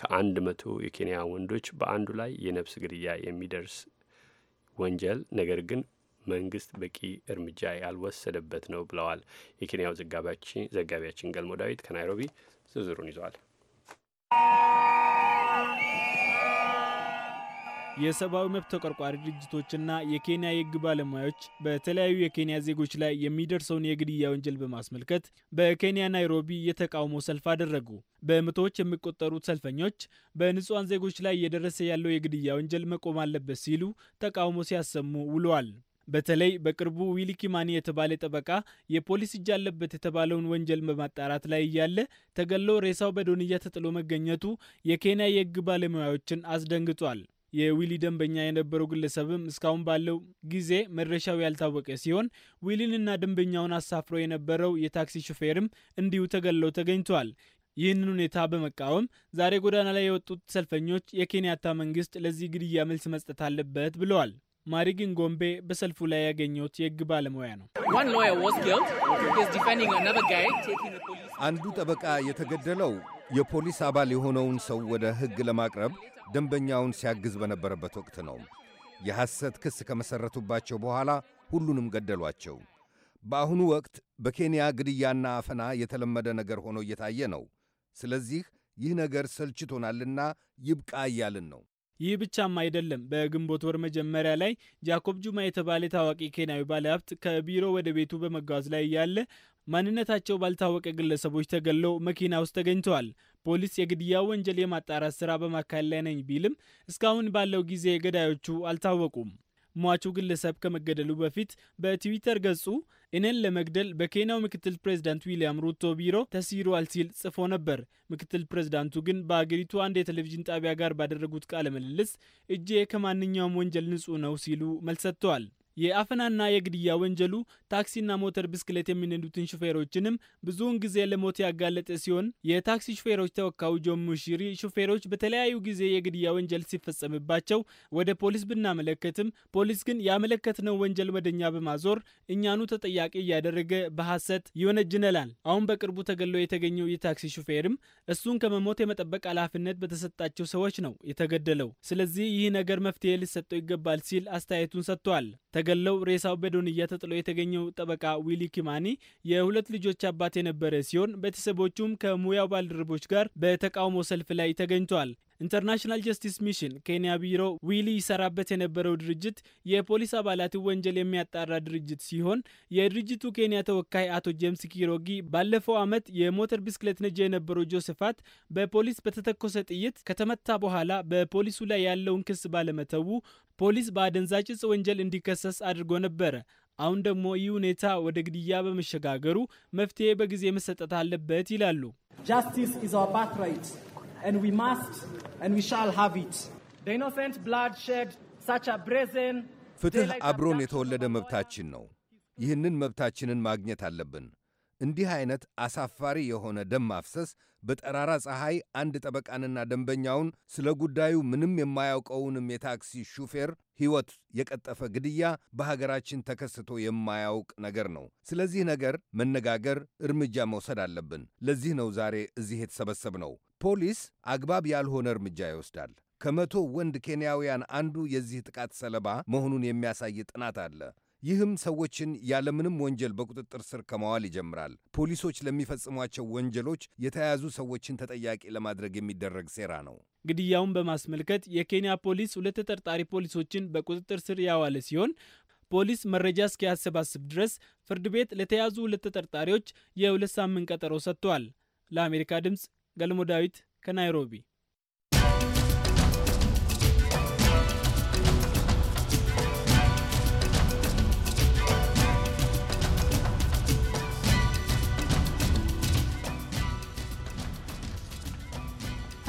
ከአንድ መቶ የኬንያ ወንዶች በአንዱ ላይ የነፍስ ግድያ የሚደርስ ወንጀል ነገር ግን መንግስት በቂ እርምጃ ያልወሰደበት ነው ብለዋል። የኬንያው ዘጋቢያችን ገልሞ ዳዊት ከናይሮቢ ዝርዝሩን ይዘዋል። የሰብአዊ መብት ተቆርቋሪ ድርጅቶችና የኬንያ የህግ ባለሙያዎች በተለያዩ የኬንያ ዜጎች ላይ የሚደርሰውን የግድያ ወንጀል በማስመልከት በኬንያ ናይሮቢ የተቃውሞ ሰልፍ አደረጉ። በመቶዎች የሚቆጠሩት ሰልፈኞች በንጹሐን ዜጎች ላይ እየደረሰ ያለው የግድያ ወንጀል መቆም አለበት ሲሉ ተቃውሞ ሲያሰሙ ውለዋል። በተለይ በቅርቡ ዊሊ ኪማኒ የተባለ ጠበቃ የፖሊስ እጅ አለበት የተባለውን ወንጀል በማጣራት ላይ እያለ ተገሎ ሬሳው በዶንያ ተጥሎ መገኘቱ የኬንያ የህግ ባለሙያዎችን አስደንግጧል። የዊሊ ደንበኛ የነበረው ግለሰብም እስካሁን ባለው ጊዜ መድረሻው ያልታወቀ ሲሆን ዊሊንና ደንበኛውን አሳፍሮ የነበረው የታክሲ ሹፌርም እንዲሁ ተገለው ተገኝቷል። ይህንን ሁኔታ በመቃወም ዛሬ ጎዳና ላይ የወጡት ሰልፈኞች የኬንያታ መንግስት ለዚህ ግድያ መልስ መስጠት አለበት ብለዋል። ማሪግን ጎምቤ በሰልፉ ላይ ያገኘሁት የህግ ባለሙያ ነው። አንዱ ጠበቃ የተገደለው የፖሊስ አባል የሆነውን ሰው ወደ ሕግ ለማቅረብ ደንበኛውን ሲያግዝ በነበረበት ወቅት ነው። የሐሰት ክስ ከመሠረቱባቸው በኋላ ሁሉንም ገደሏቸው። በአሁኑ ወቅት በኬንያ ግድያና አፈና የተለመደ ነገር ሆኖ እየታየ ነው። ስለዚህ ይህ ነገር ሰልችቶናልና ይብቃ እያልን ነው። ይህ ብቻም አይደለም። በግንቦት ወር መጀመሪያ ላይ ጃኮብ ጁማ የተባለ ታዋቂ ኬንያዊ ባለሀብት ከቢሮ ወደ ቤቱ በመጓዝ ላይ እያለ ማንነታቸው ባልታወቀ ግለሰቦች ተገለው መኪና ውስጥ ተገኝተዋል። ፖሊስ የግድያ ወንጀል የማጣራት ስራ በማካሄድ ላይ ነኝ ቢልም እስካሁን ባለው ጊዜ ገዳዮቹ አልታወቁም። ሟቹ ግለሰብ ከመገደሉ በፊት በትዊተር ገጹ እኔን ለመግደል በኬንያው ምክትል ፕሬዝዳንት ዊልያም ሩቶ ቢሮ ተሲሯል ሲል ጽፎ ነበር። ምክትል ፕሬዝዳንቱ ግን በአገሪቱ አንድ የቴሌቪዥን ጣቢያ ጋር ባደረጉት ቃለ ምልልስ እጄ ከማንኛውም ወንጀል ንጹሕ ነው ሲሉ መልስ ሰጥተዋል። የአፈናና የግድያ ወንጀሉ ታክሲና ሞተር ብስክሌት የሚነዱትን ሹፌሮችንም ብዙውን ጊዜ ለሞት ያጋለጠ ሲሆን የታክሲ ሹፌሮች ተወካዩ ጆን ሙሽሪ ሹፌሮች በተለያዩ ጊዜ የግድያ ወንጀል ሲፈጸምባቸው ወደ ፖሊስ ብናመለከትም ፖሊስ ግን ያመለከትነው ወንጀል ወደኛ በማዞር እኛኑ ተጠያቂ እያደረገ በሐሰት ይወነጅነላል። አሁን በቅርቡ ተገሎ የተገኘው የታክሲ ሹፌርም እሱን ከመሞት የመጠበቅ ኃላፊነት በተሰጣቸው ሰዎች ነው የተገደለው። ስለዚህ ይህ ነገር መፍትሄ ሊሰጠው ይገባል ሲል አስተያየቱን ሰጥቷል። የተገለው ሬሳው በዶንያ ተጥሎ የተገኘው ጠበቃ ዊሊ ኪማኒ የሁለት ልጆች አባት የነበረ ሲሆን ቤተሰቦቹም ከሙያው ባልደረቦች ጋር በተቃውሞ ሰልፍ ላይ ተገኝቷል። ኢንተርናሽናል ጀስቲስ ሚሽን ኬንያ ቢሮ ዊሊ ይሰራበት የነበረው ድርጅት የፖሊስ አባላትን ወንጀል የሚያጣራ ድርጅት ሲሆን የድርጅቱ ኬንያ ተወካይ አቶ ጄምስ ኪሮጊ ባለፈው ዓመት የሞተር ብስክሌት ነጂ የነበረው ጆሴፋት በፖሊስ በተተኮሰ ጥይት ከተመታ በኋላ በፖሊሱ ላይ ያለውን ክስ ባለመተዉ ፖሊስ በአደንዛጭ እጽ ወንጀል እንዲከሰስ አድርጎ ነበረ። አሁን ደግሞ ይህ ሁኔታ ወደ ግድያ በመሸጋገሩ መፍትሄ በጊዜ መሰጠት አለበት ይላሉ። ፍትህ አብሮን የተወለደ መብታችን ነው። ይህንን መብታችንን ማግኘት አለብን። እንዲህ አይነት አሳፋሪ የሆነ ደም ማፍሰስ በጠራራ ፀሐይ አንድ ጠበቃንና ደንበኛውን ስለ ጉዳዩ ምንም የማያውቀውንም የታክሲ ሹፌር ሕይወት የቀጠፈ ግድያ በሀገራችን ተከስቶ የማያውቅ ነገር ነው። ስለዚህ ነገር መነጋገር፣ እርምጃ መውሰድ አለብን። ለዚህ ነው ዛሬ እዚህ የተሰበሰብነው። ፖሊስ አግባብ ያልሆነ እርምጃ ይወስዳል። ከመቶ ወንድ ኬንያውያን አንዱ የዚህ ጥቃት ሰለባ መሆኑን የሚያሳይ ጥናት አለ። ይህም ሰዎችን ያለምንም ወንጀል በቁጥጥር ስር ከማዋል ይጀምራል። ፖሊሶች ለሚፈጽሟቸው ወንጀሎች የተያያዙ ሰዎችን ተጠያቂ ለማድረግ የሚደረግ ሴራ ነው። ግድያውን በማስመልከት የኬንያ ፖሊስ ሁለት ተጠርጣሪ ፖሊሶችን በቁጥጥር ስር ያዋለ ሲሆን ፖሊስ መረጃ እስኪያሰባስብ ድረስ ፍርድ ቤት ለተያዙ ሁለት ተጠርጣሪዎች የሁለት ሳምንት ቀጠሮ ሰጥቷል። ለአሜሪካ ድምፅ ገልሞ ዳዊት ከናይሮቢ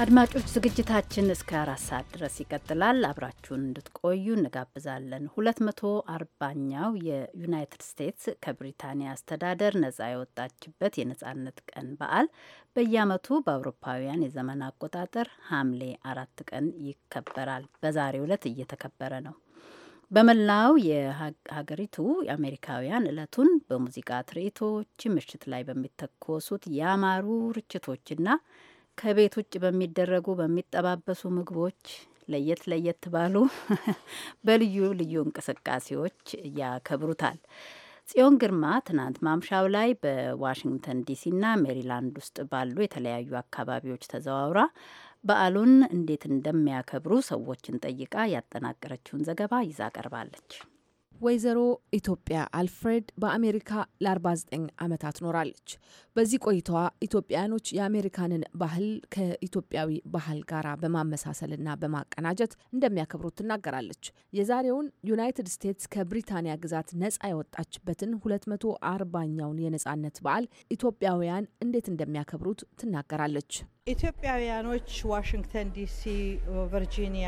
አድማጮች ዝግጅታችን እስከ አራት ሰዓት ድረስ ይቀጥላል። አብራችሁን እንድትቆዩ እንጋብዛለን። ሁለት መቶ አርባኛው የዩናይትድ ስቴትስ ከብሪታንያ አስተዳደር ነጻ የወጣችበት የነጻነት ቀን በዓል በየዓመቱ በአውሮፓውያን የዘመን አቆጣጠር ሐምሌ አራት ቀን ይከበራል። በዛሬው ዕለት እየተከበረ ነው። በመላው የሀገሪቱ የአሜሪካውያን እለቱን በሙዚቃ ትርኢቶች፣ ምሽት ላይ በሚተኮሱት ያማሩ ርችቶችና ከቤት ውጭ በሚደረጉ በሚጠባበሱ ምግቦች ለየት ለየት ባሉ በልዩ ልዩ እንቅስቃሴዎች ያከብሩታል። ጽዮን ግርማ ትናንት ማምሻው ላይ በዋሽንግተን ዲሲና ሜሪላንድ ውስጥ ባሉ የተለያዩ አካባቢዎች ተዘዋውራ በዓሉን እንዴት እንደሚያከብሩ ሰዎችን ጠይቃ ያጠናቀረችውን ዘገባ ይዛ ቀርባለች። ወይዘሮ ኢትዮጵያ አልፍሬድ በአሜሪካ ለ49 ዓመታት ኖራለች። በዚህ ቆይታዋ ኢትዮጵያውያኖች የአሜሪካንን ባህል ከኢትዮጵያዊ ባህል ጋር በማመሳሰልና በማቀናጀት እንደሚያከብሩት ትናገራለች። የዛሬውን ዩናይትድ ስቴትስ ከብሪታንያ ግዛት ነጻ የወጣችበትን 240ኛውን የነጻነት በዓል ኢትዮጵያውያን እንዴት እንደሚያከብሩት ትናገራለች። ኢትዮጵያውያኖች ዋሽንግተን ዲሲ፣ ቨርጂኒያ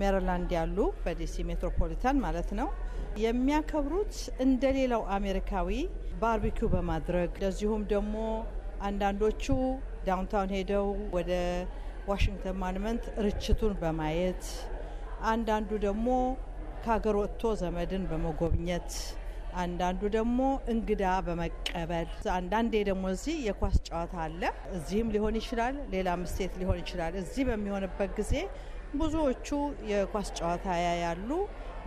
ሜሪላንድ ያሉ በዲሲ ሜትሮፖሊታን ማለት ነው የሚያከብሩት እንደሌላው አሜሪካዊ ባርቢኪው በማድረግ እንደዚሁም ደግሞ አንዳንዶቹ ዳውንታውን ሄደው ወደ ዋሽንግተን ማንመንት ርችቱን በማየት አንዳንዱ ደግሞ ከሀገር ወጥቶ ዘመድን በመጎብኘት አንዳንዱ ደግሞ እንግዳ በመቀበል አንዳንዴ ደግሞ እዚህ የኳስ ጨዋታ አለ። እዚህም ሊሆን ይችላል፣ ሌላ ስቴት ሊሆን ይችላል። እዚህ በሚሆንበት ጊዜ ብዙዎቹ የኳስ ጨዋታ ያያሉ።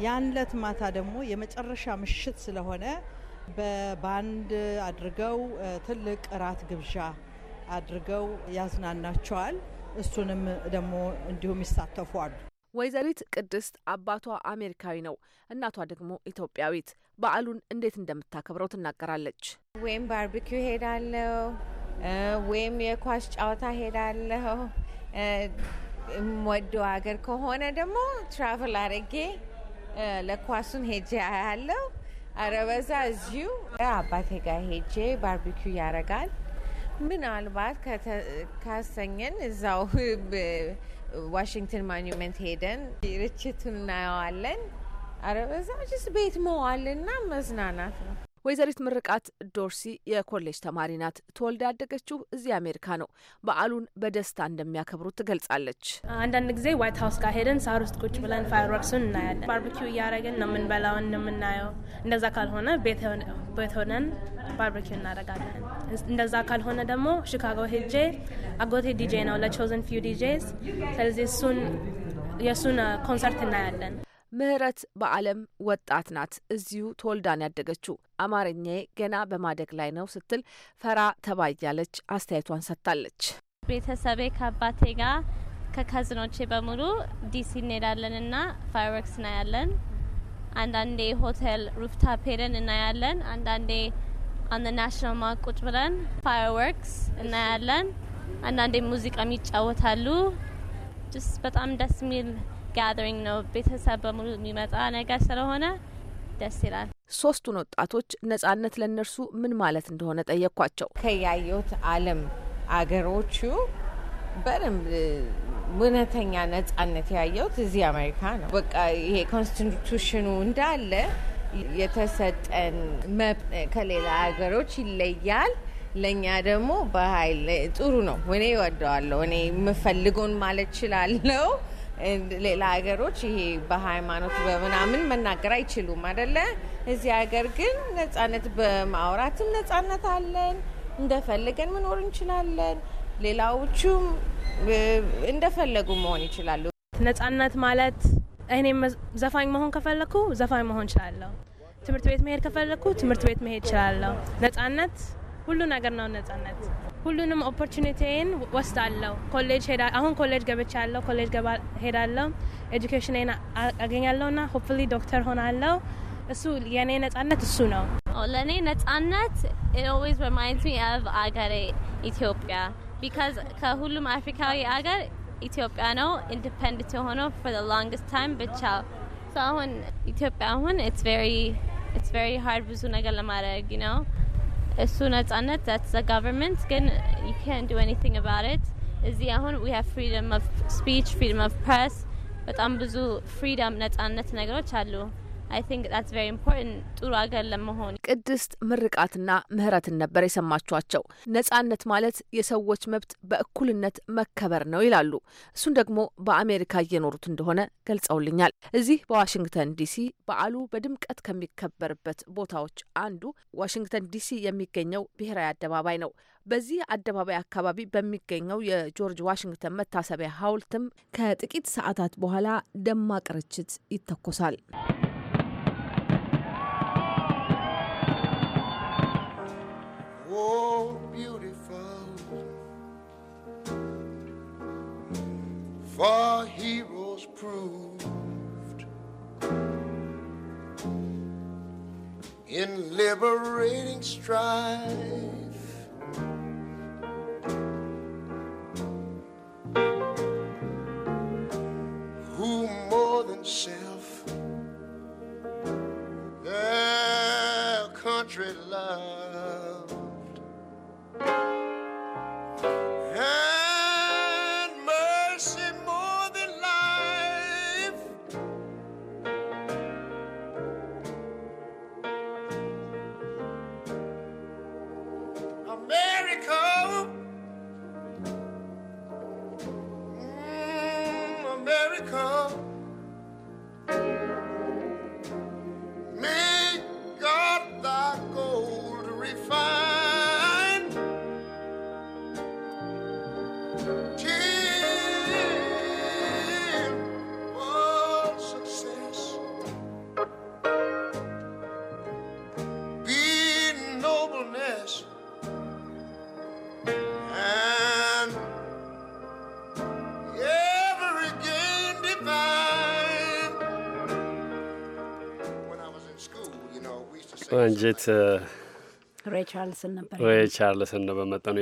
ያን ለት ማታ ደግሞ የመጨረሻ ምሽት ስለሆነ በባንድ አድርገው ትልቅ እራት ግብዣ አድርገው ያዝናናቸዋል። እሱንም ደግሞ እንዲሁም ይሳተፏል። ወይዘሪት ቅድስት አባቷ አሜሪካዊ ነው፣ እናቷ ደግሞ ኢትዮጵያዊት። በዓሉን እንዴት እንደምታከብረው ትናገራለች። ወይም ባርቢኪው ሄዳለሁ፣ ወይም የኳስ ጨዋታ ሄዳለሁ የምወደው ሀገር ከሆነ ደግሞ ትራቨል አድርጌ ለኳሱን ሄጄ አያለው። አረበዛ እዚሁ አባቴ ጋር ሄጄ ባርቢኪው ያረጋል። ምናልባት ካሰኘን እዛው ዋሽንግተን ማኒመንት ሄደን ርችቱን እናየዋለን። አረበዛ ጅስ ቤት መዋልና መዝናናት ነው። ወይዘሪት ምርቃት ዶርሲ የኮሌጅ ተማሪ ናት። ተወልዳ ያደገችው እዚህ አሜሪካ ነው። በዓሉን በደስታ እንደሚያከብሩ ትገልጻለች። አንዳንድ ጊዜ ዋይት ሀውስ ጋር ሄደን ሳር ውስጥ ቁጭ ብለን ፋይርወርክሱን እናያለን። ባርቢኪው እያደረግን ነው የምንበላውን እንደምናየው። እንደዛ ካልሆነ ቤት ሆነን ባርቢኪው እናደርጋለን። እንደዛ ካልሆነ ደግሞ ሺካጎ ሄጄ አጎቴ ዲጄ ነው ለቾዘን ፊው ዲጄስ። ስለዚህ እሱን የእሱን ኮንሰርት እናያለን። ምህረት በዓለም ወጣት ናት። እዚሁ ተወልዳን ያደገችው አማርኛዬ ገና በማደግ ላይ ነው ስትል ፈራ ተባያለች አስተያየቷን ሰጥታለች። ቤተሰቤ ከአባቴ ጋር ከካዝኖቼ በሙሉ ዲሲ እንሄዳለን እና ፋይርወርክስ እናያለን። አንዳንዴ ሆቴል ሩፍታፕ ሄደን እናያለን። አንዳንዴ አን ናሽናል ማርክ ቁጭ ብለን ፋይርወርክስ እናያለን። አንዳንዴ ሙዚቃም ይጫወታሉ። ስ በጣም ደስ የሚል ጋደሪንግ ነው። ቤተሰብ በሙሉ የሚመጣ ነገር ስለሆነ ደስ ይላል። ሶስቱን ወጣቶች ነጻነት ለእነርሱ ምን ማለት እንደሆነ ጠየኳቸው። ከያየሁት ዓለም አገሮቹ በደንብ እውነተኛ ነጻነት ያየሁት እዚህ አሜሪካ ነው። በቃ ይሄ ኮንስቲቱሽኑ እንዳለ የተሰጠን መብት ከሌላ ሀገሮች ይለያል። ለእኛ ደግሞ በኃይል ጥሩ ነው። እኔ እወደዋለሁ። እኔ የምፈልገውን ማለት እችላለሁ። ሌላ ሀገሮች ይሄ በሃይማኖት በምናምን መናገር አይችሉም አደለ? እዚህ ሀገር ግን ነጻነት በማውራትም ነጻነት አለን። እንደፈለገን መኖር እንችላለን። ሌላዎቹም እንደፈለጉ መሆን ይችላሉ። ነጻነት ማለት እኔም ዘፋኝ መሆን ከፈለኩ ዘፋኝ መሆን እችላለሁ። ትምህርት ቤት መሄድ ከፈለኩ ትምህርት ቤት መሄድ እችላለሁ። ነጻነት ሁሉ ነገር ነው ነጻነት። ሁሉንም ኦፖርቹኒቲን ወስዳለሁ። ኮሌጅ አሁን ኮሌጅ ገብቻ ያለው ኮሌጅ ሄዳለሁ፣ ኤዱኬሽንን አገኛለሁ እና ሆፕፉሊ ዶክተር ሆናለሁ። እሱ የእኔ ነጻነት እሱ ነው። ለእኔ ነጻነት it always reminds me of አገሬ ኢትዮጵያ because ከሁሉም አፍሪካዊ አገር ኢትዮጵያ ነው ኢንዲፔንደንት የሆነው for the longest time ብቻ so አሁን ኢትዮጵያ አሁን it's very it's very hard ብዙ ነገር ለማድረግ you know እሱ ነጻነት that's the government you can't do anything about it እዚህ አሁን we have freedom of speech freedom of press በጣም freedom ፍሪደም ነጻነት ነገሮች አሉ ጥሩ አገር ለመሆን ቅድስት ምርቃትና ምህረትን ነበር የሰማችኋቸው። ነጻነት ማለት የሰዎች መብት በእኩልነት መከበር ነው ይላሉ። እሱን ደግሞ በአሜሪካ እየኖሩት እንደሆነ ገልጸውልኛል። እዚህ በዋሽንግተን ዲሲ በዓሉ በድምቀት ከሚከበርበት ቦታዎች አንዱ ዋሽንግተን ዲሲ የሚገኘው ብሔራዊ አደባባይ ነው። በዚህ አደባባይ አካባቢ በሚገኘው የጆርጅ ዋሽንግተን መታሰቢያ ሐውልትም ከጥቂት ሰዓታት በኋላ ደማቅ ርችት ይተኮሳል። oh beautiful for heroes proved in liberating strife who more than self their country love አንጀት ሬቻርልስን ነበር ነው በመጠኑ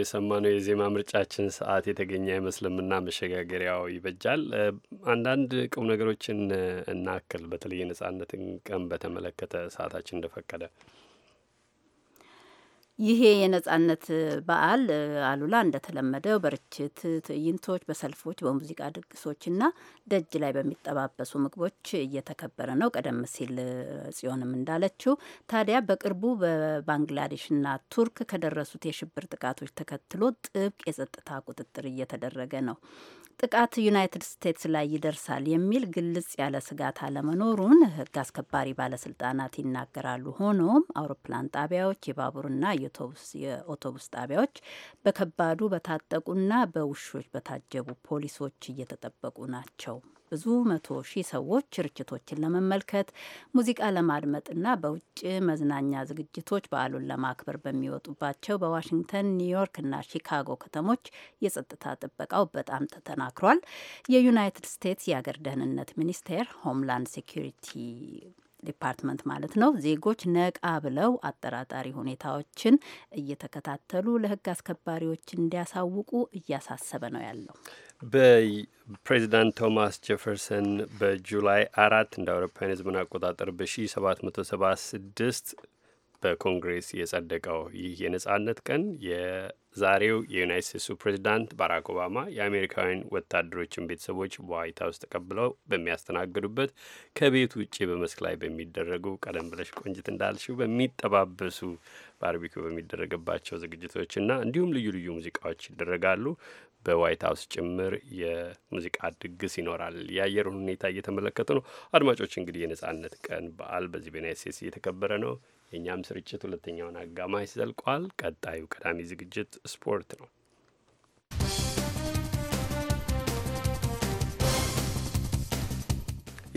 ነው። የዜማ ምርጫችን ሰዓት የተገኘ አይመስልምና መሸጋገሪያው ይበጃል። አንዳንድ ቁም ነገሮችን እናክል፣ በተለይ ነጻነትን ቀን በተመለከተ ሰዓታችን እንደፈቀደ ይሄ የነጻነት በዓል አሉላ እንደተለመደው በርችት ትዕይንቶች፣ በሰልፎች፣ በሙዚቃ ድግሶችና ደጅ ላይ በሚጠባበሱ ምግቦች እየተከበረ ነው። ቀደም ሲል ጽዮንም እንዳለችው ታዲያ በቅርቡ በባንግላዴሽና ቱርክ ከደረሱት የሽብር ጥቃቶች ተከትሎ ጥብቅ የጸጥታ ቁጥጥር እየተደረገ ነው። ጥቃት ዩናይትድ ስቴትስ ላይ ይደርሳል የሚል ግልጽ ያለ ስጋት አለመኖሩን ሕግ አስከባሪ ባለስልጣናት ይናገራሉ። ሆኖም አውሮፕላን ጣቢያዎች፣ የባቡርና የአውቶቡስ ጣቢያዎች በከባዱ በታጠቁና በውሾች በታጀቡ ፖሊሶች እየተጠበቁ ናቸው። ብዙ መቶ ሺህ ሰዎች ርችቶችን ለመመልከት ሙዚቃ ለማድመጥና በውጭ መዝናኛ ዝግጅቶች በዓሉን ለማክበር በሚወጡባቸው በዋሽንግተን፣ ኒውዮርክ እና ሺካጎ ከተሞች የጸጥታ ጥበቃው በጣም ተጠናክሯል። የዩናይትድ ስቴትስ የአገር ደህንነት ሚኒስቴር ሆምላንድ ሴኩሪቲ ዲፓርትመንት ማለት ነው ዜጎች ነቃ ብለው አጠራጣሪ ሁኔታዎችን እየተከታተሉ ለህግ አስከባሪዎች እንዲያሳውቁ እያሳሰበ ነው ያለው። በፕሬዚዳንት ቶማስ ጄፈርሰን በጁላይ አራት እንደ አውሮፓውያን የዘመን አቆጣጠር በ1776 በኮንግሬስ የጸደቀው ይህ የነጻነት ቀን ዛሬው የዩናይት ስቴትሱ ፕሬዚዳንት ባራክ ኦባማ የአሜሪካውያን ወታደሮችን ቤተሰቦች በዋይት ሀውስ ተቀብለው በሚያስተናግዱበት ከቤት ውጭ በመስክ ላይ በሚደረጉ ቀደም ብለሽ ቆንጅት እንዳልሽው በሚጠባበሱ ባርቢኪ በሚደረግባቸው ዝግጅቶችና እንዲሁም ልዩ ልዩ ሙዚቃዎች ይደረጋሉ። በዋይት ሀውስ ጭምር የሙዚቃ ድግስ ይኖራል። የአየር ሁኔታ እየተመለከተ ነው። አድማጮች እንግዲህ የነጻነት ቀን በዓል በዚህ በዩናይት ስቴትስ እየተከበረ ነው። የእኛም ስርጭት ሁለተኛውን አጋማሽ ዘልቋል። ቀጣዩ ቀዳሚ ዝግጅት ስፖርት ነው።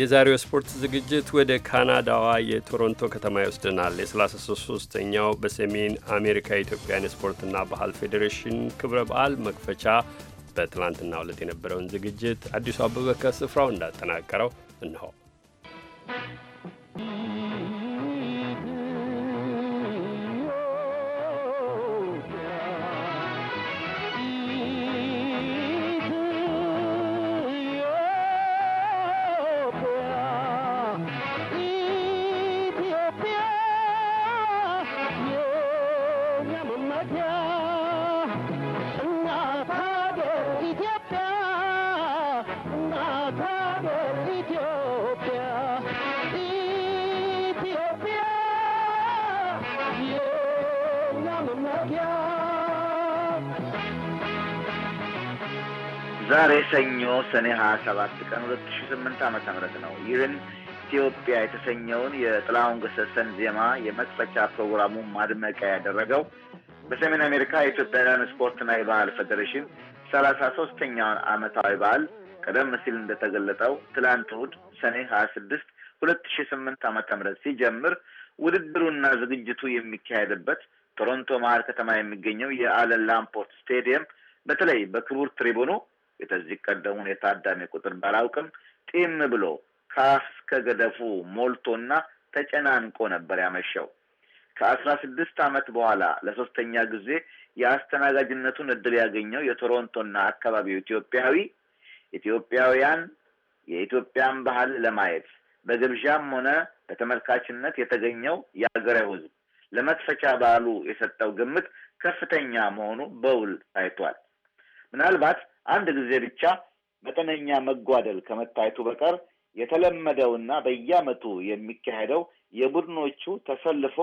የዛሬው ስፖርት ዝግጅት ወደ ካናዳዋ የቶሮንቶ ከተማ ይወስደናል። የ33ኛው በሰሜን አሜሪካ የኢትዮጵያን የስፖርትና ባህል ፌዴሬሽን ክብረ በዓል መክፈቻ በትላንትና ዕለት የነበረውን ዝግጅት አዲሱ አበበ ከስፍራው እንዳጠናቀረው እንሆ ዛሬ ሰኞ ሰኔ 27 ቀን ስምንት ዓ ም ነው። ይህን ኢትዮጵያ የተሰኘውን የጥላሁን ገሰሰን ዜማ የመክፈቻ ፕሮግራሙን ማድመቂያ ያደረገው በሰሜን አሜሪካ የኢትዮጵያውያን ስፖርትና የባህል ፌዴሬሽን ሰላሳ ሶስተኛውን ዓመታዊ በዓል ቀደም ሲል እንደተገለጠው ትላንት እሑድ ሰኔ ሀያ ስድስት ሁለት ሺ ስምንት ዓመተ ምህረት ሲጀምር ውድድሩና ዝግጅቱ የሚካሄድበት ቶሮንቶ መሀል ከተማ የሚገኘው የአለን ላምፖርት ስቴዲየም በተለይ በክቡር ትሪቡኑ የተዚህ ቀደሙን የታዳሚ ቁጥር ባላውቅም ጢም ብሎ ካፍ ገደፉ ሞልቶና ተጨናንቆ ነበር ያመሸው። ከአስራ ስድስት ዓመት በኋላ ለሶስተኛ ጊዜ የአስተናጋጅነቱን እድል ያገኘው የቶሮንቶና አካባቢው ኢትዮጵያዊ ኢትዮጵያውያን የኢትዮጵያን ባህል ለማየት በግብዣም ሆነ በተመልካችነት የተገኘው የሀገሬው ሕዝብ ለመክፈቻ በዓሉ የሰጠው ግምት ከፍተኛ መሆኑ በውል ታይቷል። ምናልባት አንድ ጊዜ ብቻ መጠነኛ መጓደል ከመታየቱ በቀር የተለመደውና በየዓመቱ የሚካሄደው የቡድኖቹ ተሰልፎ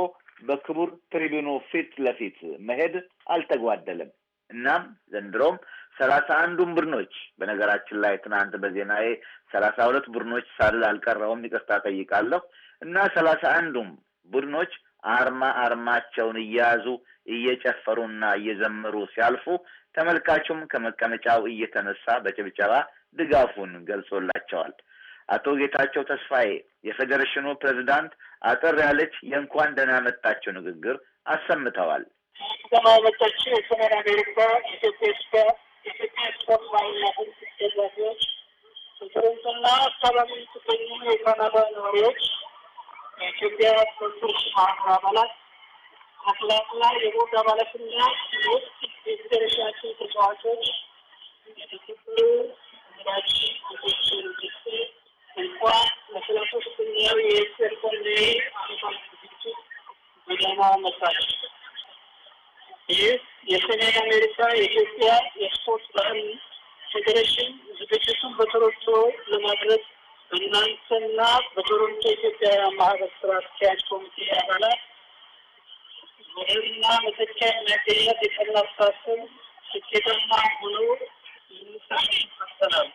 በክቡር ትሪቢኑ ፊት ለፊት መሄድ አልተጓደለም። እናም ዘንድሮም ሰላሳ አንዱን ቡድኖች በነገራችን ላይ ትናንት በዜናዬ ሰላሳ ሁለት ቡድኖች ሳልል አልቀረውም፣ ይቅርታ ጠይቃለሁ። እና ሰላሳ አንዱም ቡድኖች አርማ አርማቸውን እየያዙ እየጨፈሩና እየዘመሩ ሲያልፉ ተመልካቹም ከመቀመጫው እየተነሳ በጭብጨባ ድጋፉን ገልጾላቸዋል። አቶ ጌታቸው ተስፋዬ የፌዴሬሽኑ ፕሬዚዳንት አጠር ያለች የእንኳን ደህና መጣችሁ ንግግር አሰምተዋል። ደህና መጣችሁ የሰሜን አሜሪካ ኢትዮጵያ ስጋ ኢትዮጵያ ስፖርት ማይናትን ደጋፊዎች፣ አካባቢ የካናዳ ነዋሪዎች፣ የኢትዮጵያ ኮንግረስ አባላት፣ አትላንትና የቦርድ አባላትና ውስጥ ተጫዋቾች el cual nosotros tenemos y es el conde Guillermo Mozart. ይህ የሰሜን አሜሪካ የኢትዮጵያ የስፖርት ባህል ፌዴሬሽን ዝግጅቱን በቶሮንቶ ለማድረግ በእናንተና በቶሮንቶ ኢትዮጵያውያን ማህበር ስራ አስኪያጅ ኮሚቴ አባላት ወደና መተኪያ የሚያገኘት የቀላሳስን ስኬታማ ሆኖ ይንሳ ይፈተናል።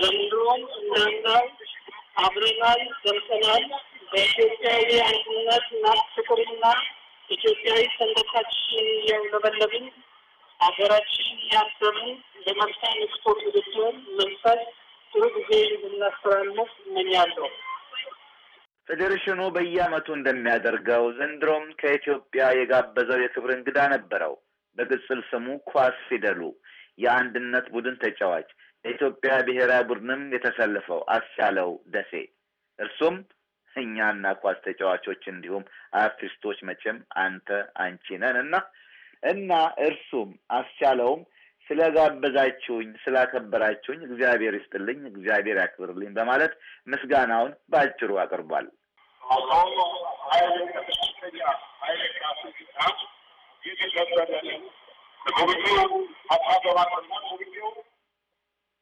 ዘንድሮም እንዳምናው አብረናል፣ ደርሰናል። በኢትዮጵያዊ አንድነት እና ፍቅርና ኢትዮጵያዊ ሰንደቃችን እያውለበለብን ሀገራችን እያሰብን ለመልካም ንቅቶ ትውልድን መንፈስ ጥሩ ጊዜ እንድናስተላልፍ እመኛለሁ። ፌዴሬሽኑ በየዓመቱ እንደሚያደርገው ዘንድሮም ከኢትዮጵያ የጋበዘው የክብር እንግዳ ነበረው። በቅጽል ስሙ ኳስ ፊደሉ የአንድነት ቡድን ተጫዋች የኢትዮጵያ ብሔራዊ ቡድንም የተሰለፈው አስቻለው ደሴ እርሱም እኛና ኳስ ተጫዋቾች እንዲሁም አርቲስቶች መቼም አንተ አንቺ ነን እና እና እርሱም አስቻለውም ስለጋበዛችሁኝ ስላከበራችሁኝ እግዚአብሔር ይስጥልኝ፣ እግዚአብሔር ያክብርልኝ በማለት ምስጋናውን በአጭሩ አቅርቧል።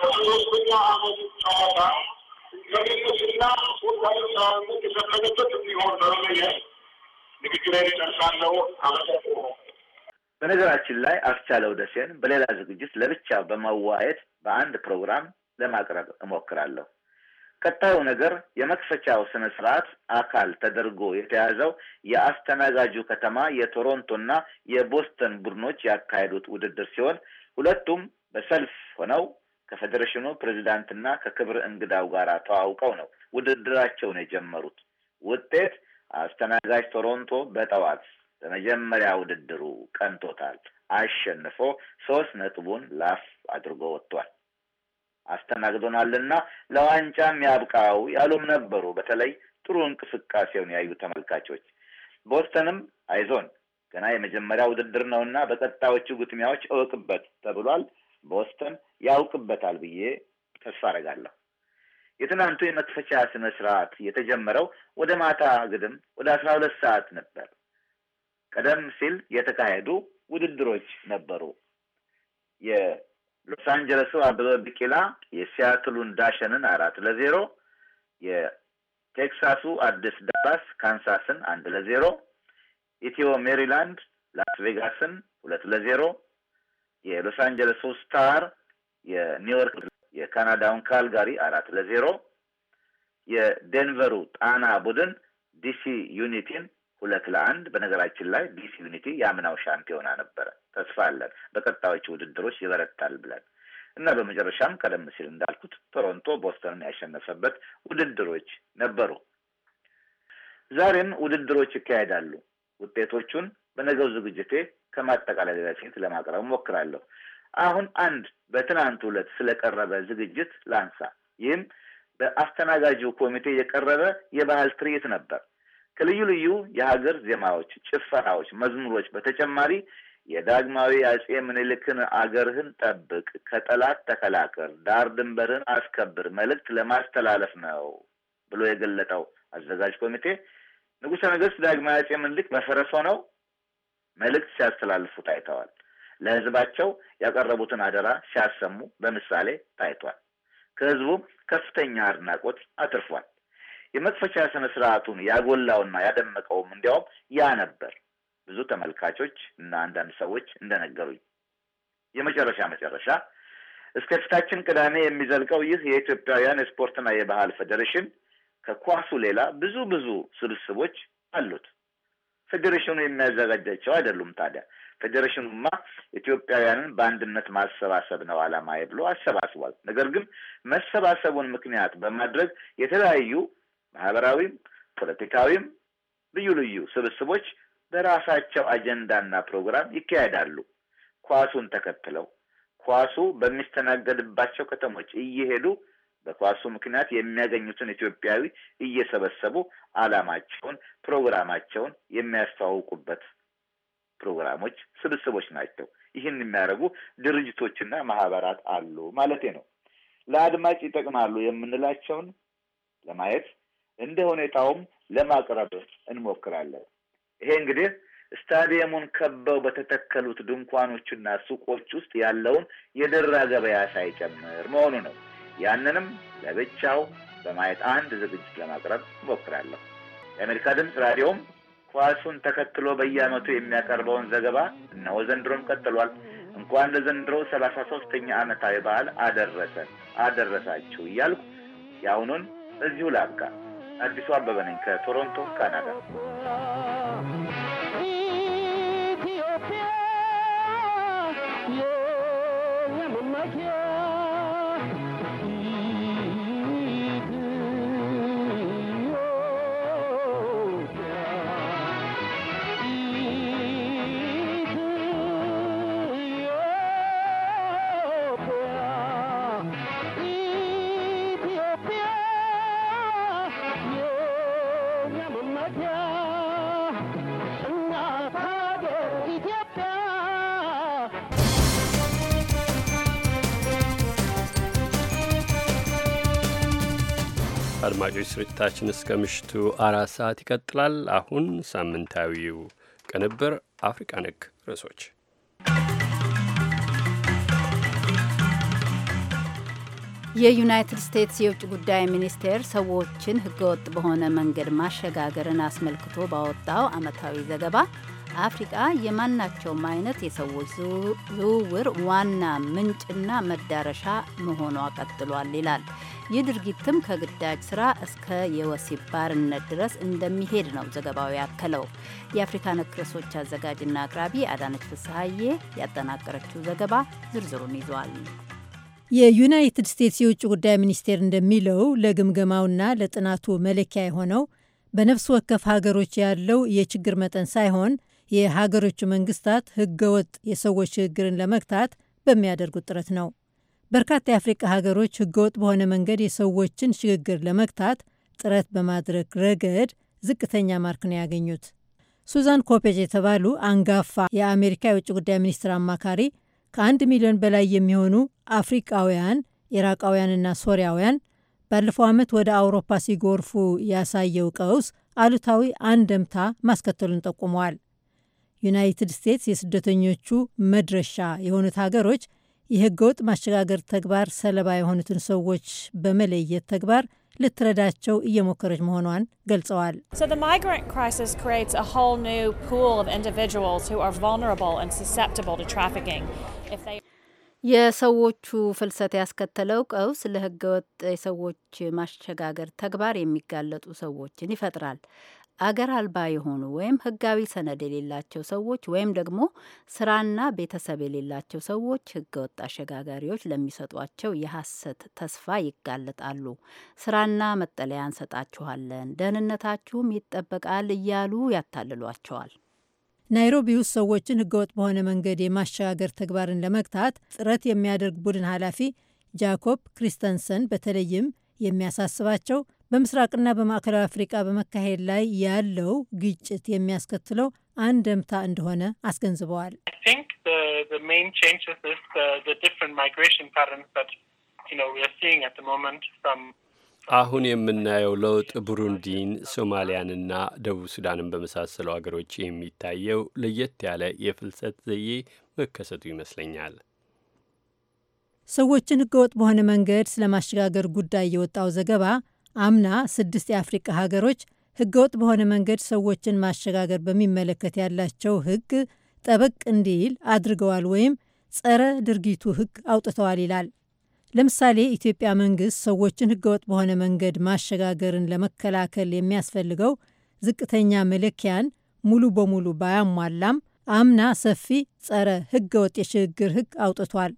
ከሶስተኛ ጨዋታ ሳምንት እንዲሆን ጨርሳለው። በነገራችን ላይ አስቻለው ደሴን በሌላ ዝግጅት ለብቻ በመዋየት በአንድ ፕሮግራም ለማቅረብ እሞክራለሁ። ቀጣዩ ነገር የመክፈቻው ስነ ስርዓት አካል ተደርጎ የተያዘው የአስተናጋጁ ከተማ የቶሮንቶና የቦስተን ቡድኖች ያካሄዱት ውድድር ሲሆን ሁለቱም በሰልፍ ሆነው ከፌዴሬሽኑ ፕሬዚዳንትና ከክብር እንግዳው ጋር ተዋውቀው ነው ውድድራቸውን የጀመሩት። ውጤት አስተናጋጅ ቶሮንቶ በጠዋት በመጀመሪያ ውድድሩ ቀንቶታል። አሸንፎ ሶስት ነጥቡን ላፍ አድርጎ ወጥቷል። አስተናግዶናልና ለዋንጫም ያብቃው ያሉም ነበሩ። በተለይ ጥሩ እንቅስቃሴውን ያዩ ተመልካቾች ቦስተንም አይዞን ገና የመጀመሪያ ውድድር ነውና በቀጣዮቹ ግጥሚያዎች እወቅበት ተብሏል። ቦስተን ያውቅበታል ብዬ ተስፋ አረጋለሁ። የትናንቱ የመክፈቻ ስነ ስርዓት የተጀመረው ወደ ማታ ግድም ወደ አስራ ሁለት ሰዓት ነበር። ቀደም ሲል የተካሄዱ ውድድሮች ነበሩ። የሎስ አንጀለሱ አበበ ቢቂላ የሲያትሉን ዳሸንን አራት ለዜሮ፣ የቴክሳሱ አዲስ ዳላስ ካንሳስን አንድ ለዜሮ፣ ኢትዮ ሜሪላንድ ላስ ቬጋስን ሁለት ለዜሮ የሎስ አንጀለሱ ስታር የኒውዮርክ የካናዳውን ካልጋሪ አራት ለዜሮ የዴንቨሩ ጣና ቡድን ዲሲ ዩኒቲን ሁለት ለአንድ በነገራችን ላይ ዲሲ ዩኒቲ የአምናው ሻምፒዮና ነበረ። ተስፋ አለን በቀጣዮች ውድድሮች ይበረታል ብለን እና በመጨረሻም ቀደም ሲል እንዳልኩት ቶሮንቶ ቦስተንን ያሸነፈበት ውድድሮች ነበሩ። ዛሬም ውድድሮች ይካሄዳሉ። ውጤቶቹን በነገው ዝግጅቴ ከማጠቃላይ በፊት ለማቅረብ ሞክራለሁ። አሁን አንድ በትናንት ዕለት ስለቀረበ ዝግጅት ላንሳ። ይህም በአስተናጋጁ ኮሚቴ የቀረበ የባህል ትርኢት ነበር። ከልዩ ልዩ የሀገር ዜማዎች፣ ጭፈራዎች፣ መዝሙሮች በተጨማሪ የዳግማዊ አጼ ምኒልክን አገርህን ጠብቅ፣ ከጠላት ተከላከል፣ ዳር ድንበርህን አስከብር መልእክት ለማስተላለፍ ነው ብሎ የገለጠው አዘጋጅ ኮሚቴ ንጉሠ ነገሥት ዳግማዊ አጼ ምኒልክ በፈረስ ሆነው መልእክት ሲያስተላልፉ ታይተዋል። ለህዝባቸው ያቀረቡትን አደራ ሲያሰሙ በምሳሌ ታይቷል። ከህዝቡም ከፍተኛ አድናቆት አትርፏል። የመክፈቻ ስነ ስርዓቱን ያጎላውና ያደመቀውም እንዲያውም ያ ነበር። ብዙ ተመልካቾች እና አንዳንድ ሰዎች እንደነገሩኝ የመጨረሻ መጨረሻ እስከ ፊታችን ቅዳሜ የሚዘልቀው ይህ የኢትዮጵያውያን የስፖርትና የባህል ፌዴሬሽን ከኳሱ ሌላ ብዙ ብዙ ስብስቦች አሉት። ፌዴሬሽኑ የሚያዘጋጃቸው አይደሉም። ታዲያ ፌዴሬሽኑማ ኢትዮጵያውያንን በአንድነት ማሰባሰብ ነው አላማ ብሎ አሰባስቧል። ነገር ግን መሰባሰቡን ምክንያት በማድረግ የተለያዩ ማህበራዊም ፖለቲካዊም ልዩ ልዩ ስብስቦች በራሳቸው አጀንዳና ፕሮግራም ይካሄዳሉ። ኳሱን ተከትለው ኳሱ በሚስተናገድባቸው ከተሞች እየሄዱ በኳሱ ምክንያት የሚያገኙትን ኢትዮጵያዊ እየሰበሰቡ ዓላማቸውን፣ ፕሮግራማቸውን የሚያስተዋውቁበት ፕሮግራሞች፣ ስብስቦች ናቸው። ይህን የሚያደርጉ ድርጅቶችና ማህበራት አሉ ማለቴ ነው። ለአድማጭ ይጠቅማሉ የምንላቸውን ለማየት እንደ ሁኔታውም ለማቅረብ እንሞክራለን። ይሄ እንግዲህ ስታዲየሙን ከበው በተተከሉት ድንኳኖችና ሱቆች ውስጥ ያለውን የደራ ገበያ ሳይጨምር መሆኑ ነው። ያንንም ለብቻው በማየት አንድ ዝግጅት ለማቅረብ እሞክራለሁ። የአሜሪካ ድምፅ ራዲዮም ኳሱን ተከትሎ በየዓመቱ የሚያቀርበውን ዘገባ እነሆ ዘንድሮም ቀጥሏል። እንኳን ለዘንድሮ ሰላሳ ሶስተኛ ዓመታዊ በዓል አደረሰ አደረሳችሁ እያልኩ የአሁኑን እዚሁ ላብቃ። አዲሱ አበበ ነኝ ከቶሮንቶ ካናዳ። ኢትዮጵያ አድማጮች ስርጭታችን እስከ ምሽቱ አራት ሰዓት ይቀጥላል። አሁን ሳምንታዊው ቅንብር አፍሪቃ ነክ ርዕሶች የዩናይትድ ስቴትስ የውጭ ጉዳይ ሚኒስቴር ሰዎችን ህገወጥ በሆነ መንገድ ማሸጋገርን አስመልክቶ ባወጣው ዓመታዊ ዘገባ አፍሪቃ የማናቸውም አይነት የሰዎች ዝውውር ዋና ምንጭና መዳረሻ መሆኗ ቀጥሏል ይላል። ይህ ድርጊትም ከግዳጅ ስራ እስከ የወሲብ ባርነት ድረስ እንደሚሄድ ነው ዘገባው ያከለው። የአፍሪካ ነክ ርዕሶች አዘጋጅና አቅራቢ አዳነች ፍስሀዬ ያጠናቀረችው ዘገባ ዝርዝሩን ይዟል። የዩናይትድ ስቴትስ የውጭ ጉዳይ ሚኒስቴር እንደሚለው ለግምገማውና ለጥናቱ መለኪያ የሆነው በነፍስ ወከፍ ሀገሮች ያለው የችግር መጠን ሳይሆን የሀገሮቹ መንግስታት ህገወጥ የሰዎች ችግርን ለመግታት በሚያደርጉት ጥረት ነው። በርካታ የአፍሪቃ ሀገሮች ህገወጥ በሆነ መንገድ የሰዎችን ሽግግር ለመግታት ጥረት በማድረግ ረገድ ዝቅተኛ ማርክ ነው ያገኙት። ሱዛን ኮፔጅ የተባሉ አንጋፋ የአሜሪካ የውጭ ጉዳይ ሚኒስትር አማካሪ ከአንድ ሚሊዮን በላይ የሚሆኑ አፍሪቃውያን ኢራቃውያንና ሶሪያውያን ባለፈው ዓመት ወደ አውሮፓ ሲጎርፉ ያሳየው ቀውስ አሉታዊ አንደምታ ማስከተሉን ጠቁመዋል። ዩናይትድ ስቴትስ የስደተኞቹ መድረሻ የሆኑት ሀገሮች የህገወጥ ማሸጋገር ተግባር ሰለባ የሆኑትን ሰዎች በመለየት ተግባር ልትረዳቸው እየሞከረች መሆኗን ገልጸዋል። የሰዎቹ ፍልሰት ያስከተለው ቀውስ ለህገወጥ የሰዎች ማሸጋገር ተግባር የሚጋለጡ ሰዎችን ይፈጥራል። አገር አልባ የሆኑ ወይም ህጋዊ ሰነድ የሌላቸው ሰዎች ወይም ደግሞ ስራና ቤተሰብ የሌላቸው ሰዎች ወጥ አሸጋጋሪዎች ለሚሰጧቸው የሐሰት ተስፋ ይጋለጣሉ። ስራና መጠለያ እንሰጣችኋለን፣ ደህንነታችሁም ይጠበቃል እያሉ ያታልሏቸዋል። ናይሮቢ ውስጥ ሰዎችን ህገወጥ በሆነ መንገድ የማሸጋገር ተግባርን ለመግታት ጥረት የሚያደርግ ቡድን ኃላፊ ጃኮብ ክሪስተንሰን በተለይም የሚያሳስባቸው በምስራቅና በማዕከላዊ አፍሪቃ በመካሄድ ላይ ያለው ግጭት የሚያስከትለው አንድምታ እንደሆነ አስገንዝበዋል። አሁን የምናየው ለውጥ ቡሩንዲን፣ ሶማሊያንና ደቡብ ሱዳንን በመሳሰሉ ሀገሮች የሚታየው ለየት ያለ የፍልሰት ዘዬ መከሰቱ ይመስለኛል። ሰዎችን ህገወጥ በሆነ መንገድ ስለማሸጋገር ጉዳይ የወጣው ዘገባ አምና ስድስት የአፍሪቃ ሀገሮች ህገወጥ በሆነ መንገድ ሰዎችን ማሸጋገር በሚመለከት ያላቸው ህግ ጠበቅ እንዲል አድርገዋል ወይም ጸረ ድርጊቱ ህግ አውጥተዋል ይላል። ለምሳሌ ኢትዮጵያ መንግስት ሰዎችን ህገወጥ በሆነ መንገድ ማሸጋገርን ለመከላከል የሚያስፈልገው ዝቅተኛ መለኪያን ሙሉ በሙሉ ባያሟላም አምና ሰፊ ጸረ ህገወጥ የሽግግር ህግ አውጥቷል።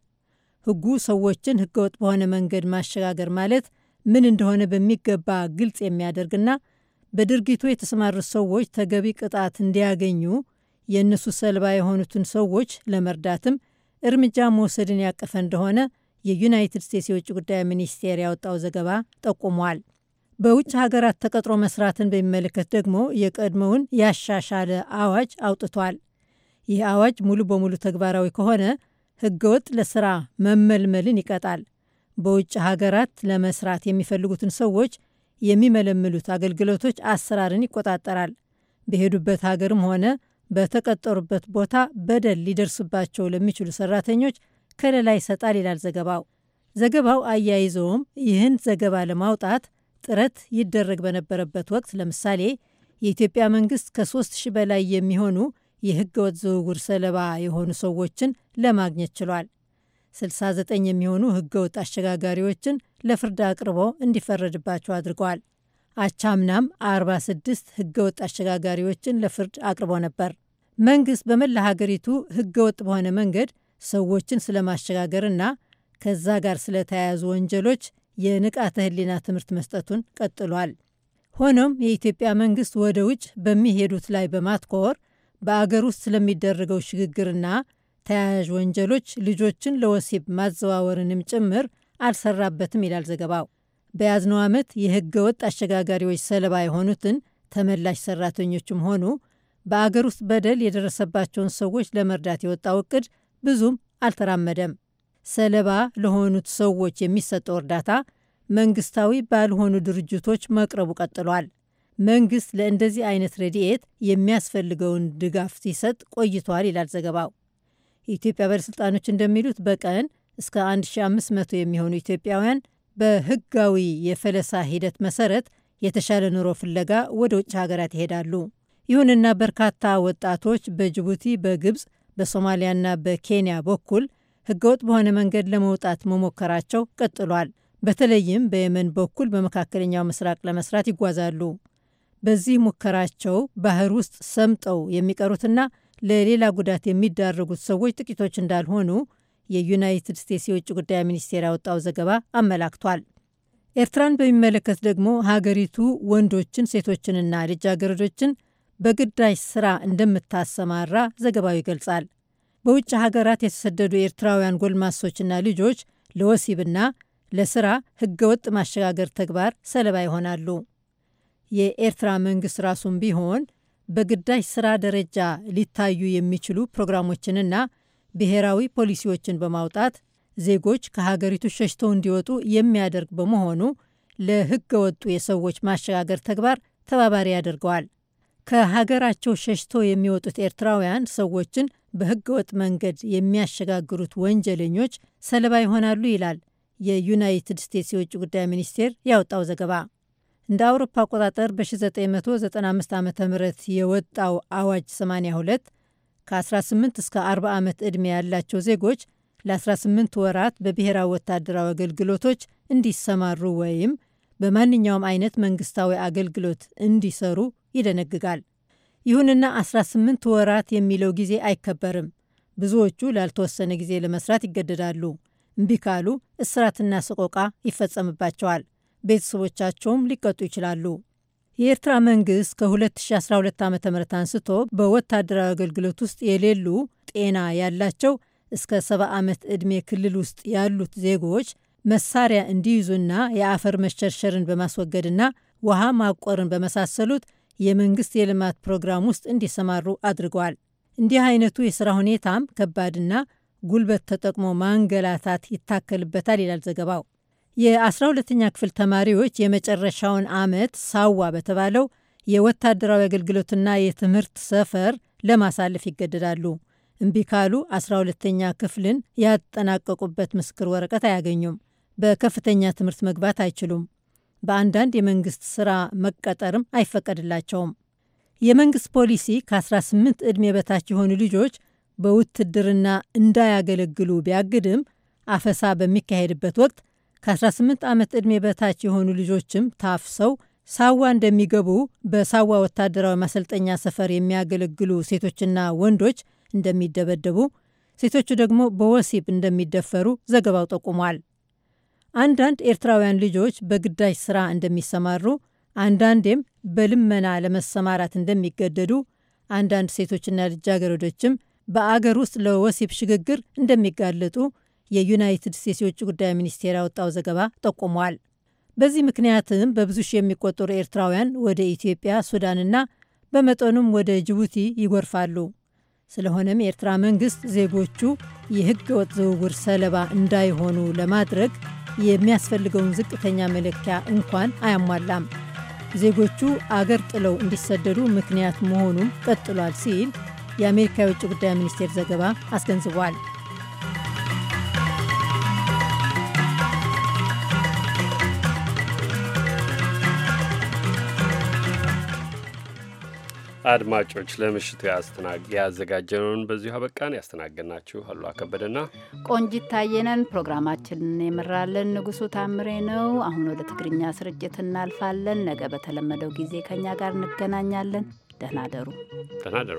ህጉ ሰዎችን ህገወጥ በሆነ መንገድ ማሸጋገር ማለት ምን እንደሆነ በሚገባ ግልጽ የሚያደርግና በድርጊቱ የተሰማሩት ሰዎች ተገቢ ቅጣት እንዲያገኙ የእነሱ ሰልባ የሆኑትን ሰዎች ለመርዳትም እርምጃ መውሰድን ያቀፈ እንደሆነ የዩናይትድ ስቴትስ የውጭ ጉዳይ ሚኒስቴር ያወጣው ዘገባ ጠቁሟል። በውጭ ሀገራት ተቀጥሮ መስራትን በሚመለከት ደግሞ የቀድሞውን ያሻሻለ አዋጅ አውጥቷል። ይህ አዋጅ ሙሉ በሙሉ ተግባራዊ ከሆነ ህገወጥ ለስራ መመልመልን ይቀጣል። በውጭ ሀገራት ለመስራት የሚፈልጉትን ሰዎች የሚመለምሉት አገልግሎቶች አሰራርን ይቆጣጠራል። በሄዱበት ሀገርም ሆነ በተቀጠሩበት ቦታ በደል ሊደርስባቸው ለሚችሉ ሰራተኞች ከለላ ይሰጣል ይላል ዘገባው። ዘገባው አያይዘውም ይህን ዘገባ ለማውጣት ጥረት ይደረግ በነበረበት ወቅት ለምሳሌ የኢትዮጵያ መንግስት ከሶስት ሺህ በላይ የሚሆኑ የህገወጥ ዝውውር ሰለባ የሆኑ ሰዎችን ለማግኘት ችሏል። 69 የሚሆኑ ህገወጥ አሸጋጋሪዎችን ለፍርድ አቅርቦ እንዲፈረድባቸው አድርጓል። አቻምናም 46 ህገወጥ አሸጋጋሪዎችን ለፍርድ አቅርቦ ነበር። መንግስት በመላ ሀገሪቱ ህገወጥ በሆነ መንገድ ሰዎችን ስለማሸጋገርና ከዛ ጋር ስለተያያዙ ወንጀሎች የንቃተ ህሊና ትምህርት መስጠቱን ቀጥሏል። ሆኖም የኢትዮጵያ መንግስት ወደ ውጭ በሚሄዱት ላይ በማትኮር በአገር ውስጥ ስለሚደረገው ሽግግርና ተያያዥ ወንጀሎች ልጆችን ለወሲብ ማዘዋወርንም ጭምር አልሰራበትም ይላል ዘገባው። በያዝነው ዓመት የሕገ ወጥ አሸጋጋሪዎች ሰለባ የሆኑትን ተመላሽ ሰራተኞችም ሆኑ በአገር ውስጥ በደል የደረሰባቸውን ሰዎች ለመርዳት የወጣው እቅድ ብዙም አልተራመደም። ሰለባ ለሆኑት ሰዎች የሚሰጠው እርዳታ መንግስታዊ ባልሆኑ ድርጅቶች መቅረቡ ቀጥሏል። መንግስት ለእንደዚህ አይነት ረድኤት የሚያስፈልገውን ድጋፍ ሲሰጥ ቆይቷል ይላል ዘገባው። የኢትዮጵያ ባለሥልጣኖች እንደሚሉት በቀን እስከ 1500 የሚሆኑ ኢትዮጵያውያን በህጋዊ የፈለሳ ሂደት መሰረት የተሻለ ኑሮ ፍለጋ ወደ ውጭ ሀገራት ይሄዳሉ። ይሁንና በርካታ ወጣቶች በጅቡቲ፣ በግብፅ፣ በሶማሊያና በኬንያ በኩል ህገወጥ በሆነ መንገድ ለመውጣት መሞከራቸው ቀጥሏል። በተለይም በየመን በኩል በመካከለኛው ምስራቅ ለመስራት ይጓዛሉ። በዚህ ሙከራቸው ባህር ውስጥ ሰምጠው የሚቀሩትና ለሌላ ጉዳት የሚዳረጉት ሰዎች ጥቂቶች እንዳልሆኑ የዩናይትድ ስቴትስ የውጭ ጉዳይ ሚኒስቴር ያወጣው ዘገባ አመላክቷል። ኤርትራን በሚመለከት ደግሞ ሀገሪቱ ወንዶችን፣ ሴቶችንና ልጃገረዶችን በግዳጅ ስራ እንደምታሰማራ ዘገባው ይገልጻል። በውጭ ሀገራት የተሰደዱ ኤርትራውያን ጎልማሶችና ልጆች ለወሲብና ለስራ ህገወጥ ማሸጋገር ተግባር ሰለባ ይሆናሉ። የኤርትራ መንግስት ራሱም ቢሆን በግዳጅ ስራ ደረጃ ሊታዩ የሚችሉ ፕሮግራሞችንና ብሔራዊ ፖሊሲዎችን በማውጣት ዜጎች ከሀገሪቱ ሸሽተው እንዲወጡ የሚያደርግ በመሆኑ ለህገ ወጡ የሰዎች ማሸጋገር ተግባር ተባባሪ ያደርገዋል። ከሀገራቸው ሸሽተው የሚወጡት ኤርትራውያን ሰዎችን በህገ ወጥ መንገድ የሚያሸጋግሩት ወንጀለኞች ሰለባ ይሆናሉ ይላል የዩናይትድ ስቴትስ የውጭ ጉዳይ ሚኒስቴር ያወጣው ዘገባ። እንደ አውሮፓ አቆጣጠር በ1995 ዓ ም የወጣው አዋጅ 82 ከ18 እስከ 40 ዓመት ዕድሜ ያላቸው ዜጎች ለ18 ወራት በብሔራዊ ወታደራዊ አገልግሎቶች እንዲሰማሩ ወይም በማንኛውም አይነት መንግስታዊ አገልግሎት እንዲሰሩ ይደነግጋል። ይሁንና 18 ወራት የሚለው ጊዜ አይከበርም። ብዙዎቹ ላልተወሰነ ጊዜ ለመስራት ይገደዳሉ። እምቢ ካሉ እስራትና ሰቆቃ ይፈጸምባቸዋል። ቤተሰቦቻቸውም ሊቀጡ ይችላሉ። የኤርትራ መንግሥት ከ2012 ዓ ም አንስቶ በወታደራዊ አገልግሎት ውስጥ የሌሉ ጤና ያላቸው እስከ 70 ዓመት ዕድሜ ክልል ውስጥ ያሉት ዜጎች መሳሪያ እንዲይዙና የአፈር መሸርሸርን በማስወገድና ውሃ ማቆርን በመሳሰሉት የመንግሥት የልማት ፕሮግራም ውስጥ እንዲሰማሩ አድርገዋል። እንዲህ አይነቱ የሥራ ሁኔታም ከባድና ጉልበት ተጠቅሞ ማንገላታት ይታከልበታል ይላል ዘገባው። የ12ኛ ክፍል ተማሪዎች የመጨረሻውን ዓመት ሳዋ በተባለው የወታደራዊ አገልግሎትና የትምህርት ሰፈር ለማሳለፍ ይገደዳሉ። እምቢ ካሉ 12ተኛ ክፍልን ያጠናቀቁበት ምስክር ወረቀት አያገኙም። በከፍተኛ ትምህርት መግባት አይችሉም። በአንዳንድ የመንግስት ሥራ መቀጠርም አይፈቀድላቸውም። የመንግስት ፖሊሲ ከ18 ዕድሜ በታች የሆኑ ልጆች በውትድርና እንዳያገለግሉ ቢያግድም አፈሳ በሚካሄድበት ወቅት ከ18 ዓመት ዕድሜ በታች የሆኑ ልጆችም ታፍሰው ሳዋ እንደሚገቡ በሳዋ ወታደራዊ ማሰልጠኛ ሰፈር የሚያገለግሉ ሴቶችና ወንዶች እንደሚደበደቡ፣ ሴቶቹ ደግሞ በወሲብ እንደሚደፈሩ ዘገባው ጠቁሟል። አንዳንድ ኤርትራውያን ልጆች በግዳጅ ሥራ እንደሚሰማሩ፣ አንዳንዴም በልመና ለመሰማራት እንደሚገደዱ፣ አንዳንድ ሴቶችና ልጃገረዶችም በአገር ውስጥ ለወሲብ ሽግግር እንደሚጋለጡ የዩናይትድ ስቴትስ የውጭ ጉዳይ ሚኒስቴር ያወጣው ዘገባ ጠቁሟል። በዚህ ምክንያትም በብዙ ሺህ የሚቆጠሩ ኤርትራውያን ወደ ኢትዮጵያ፣ ሱዳንና በመጠኑም ወደ ጅቡቲ ይጎርፋሉ። ስለሆነም የኤርትራ መንግስት ዜጎቹ የህገ ወጥ ዝውውር ሰለባ እንዳይሆኑ ለማድረግ የሚያስፈልገውን ዝቅተኛ መለኪያ እንኳን አያሟላም። ዜጎቹ አገር ጥለው እንዲሰደዱ ምክንያት መሆኑም ቀጥሏል ሲል የአሜሪካ የውጭ ጉዳይ ሚኒስቴር ዘገባ አስገንዝቧል። አድማጮች ለምሽቱ ያዘጋጀነውን በዚሁ አበቃን። ያስተናገድናችሁ አሉ አከበደና ቆንጂት ታየነን፣ ፕሮግራማችንን የመራለን ንጉሱ ታምሬ ነው። አሁን ወደ ትግርኛ ስርጭት እናልፋለን። ነገ በተለመደው ጊዜ ከእኛ ጋር እንገናኛለን። ደህና ደሩ፣ ደህና ደሩ።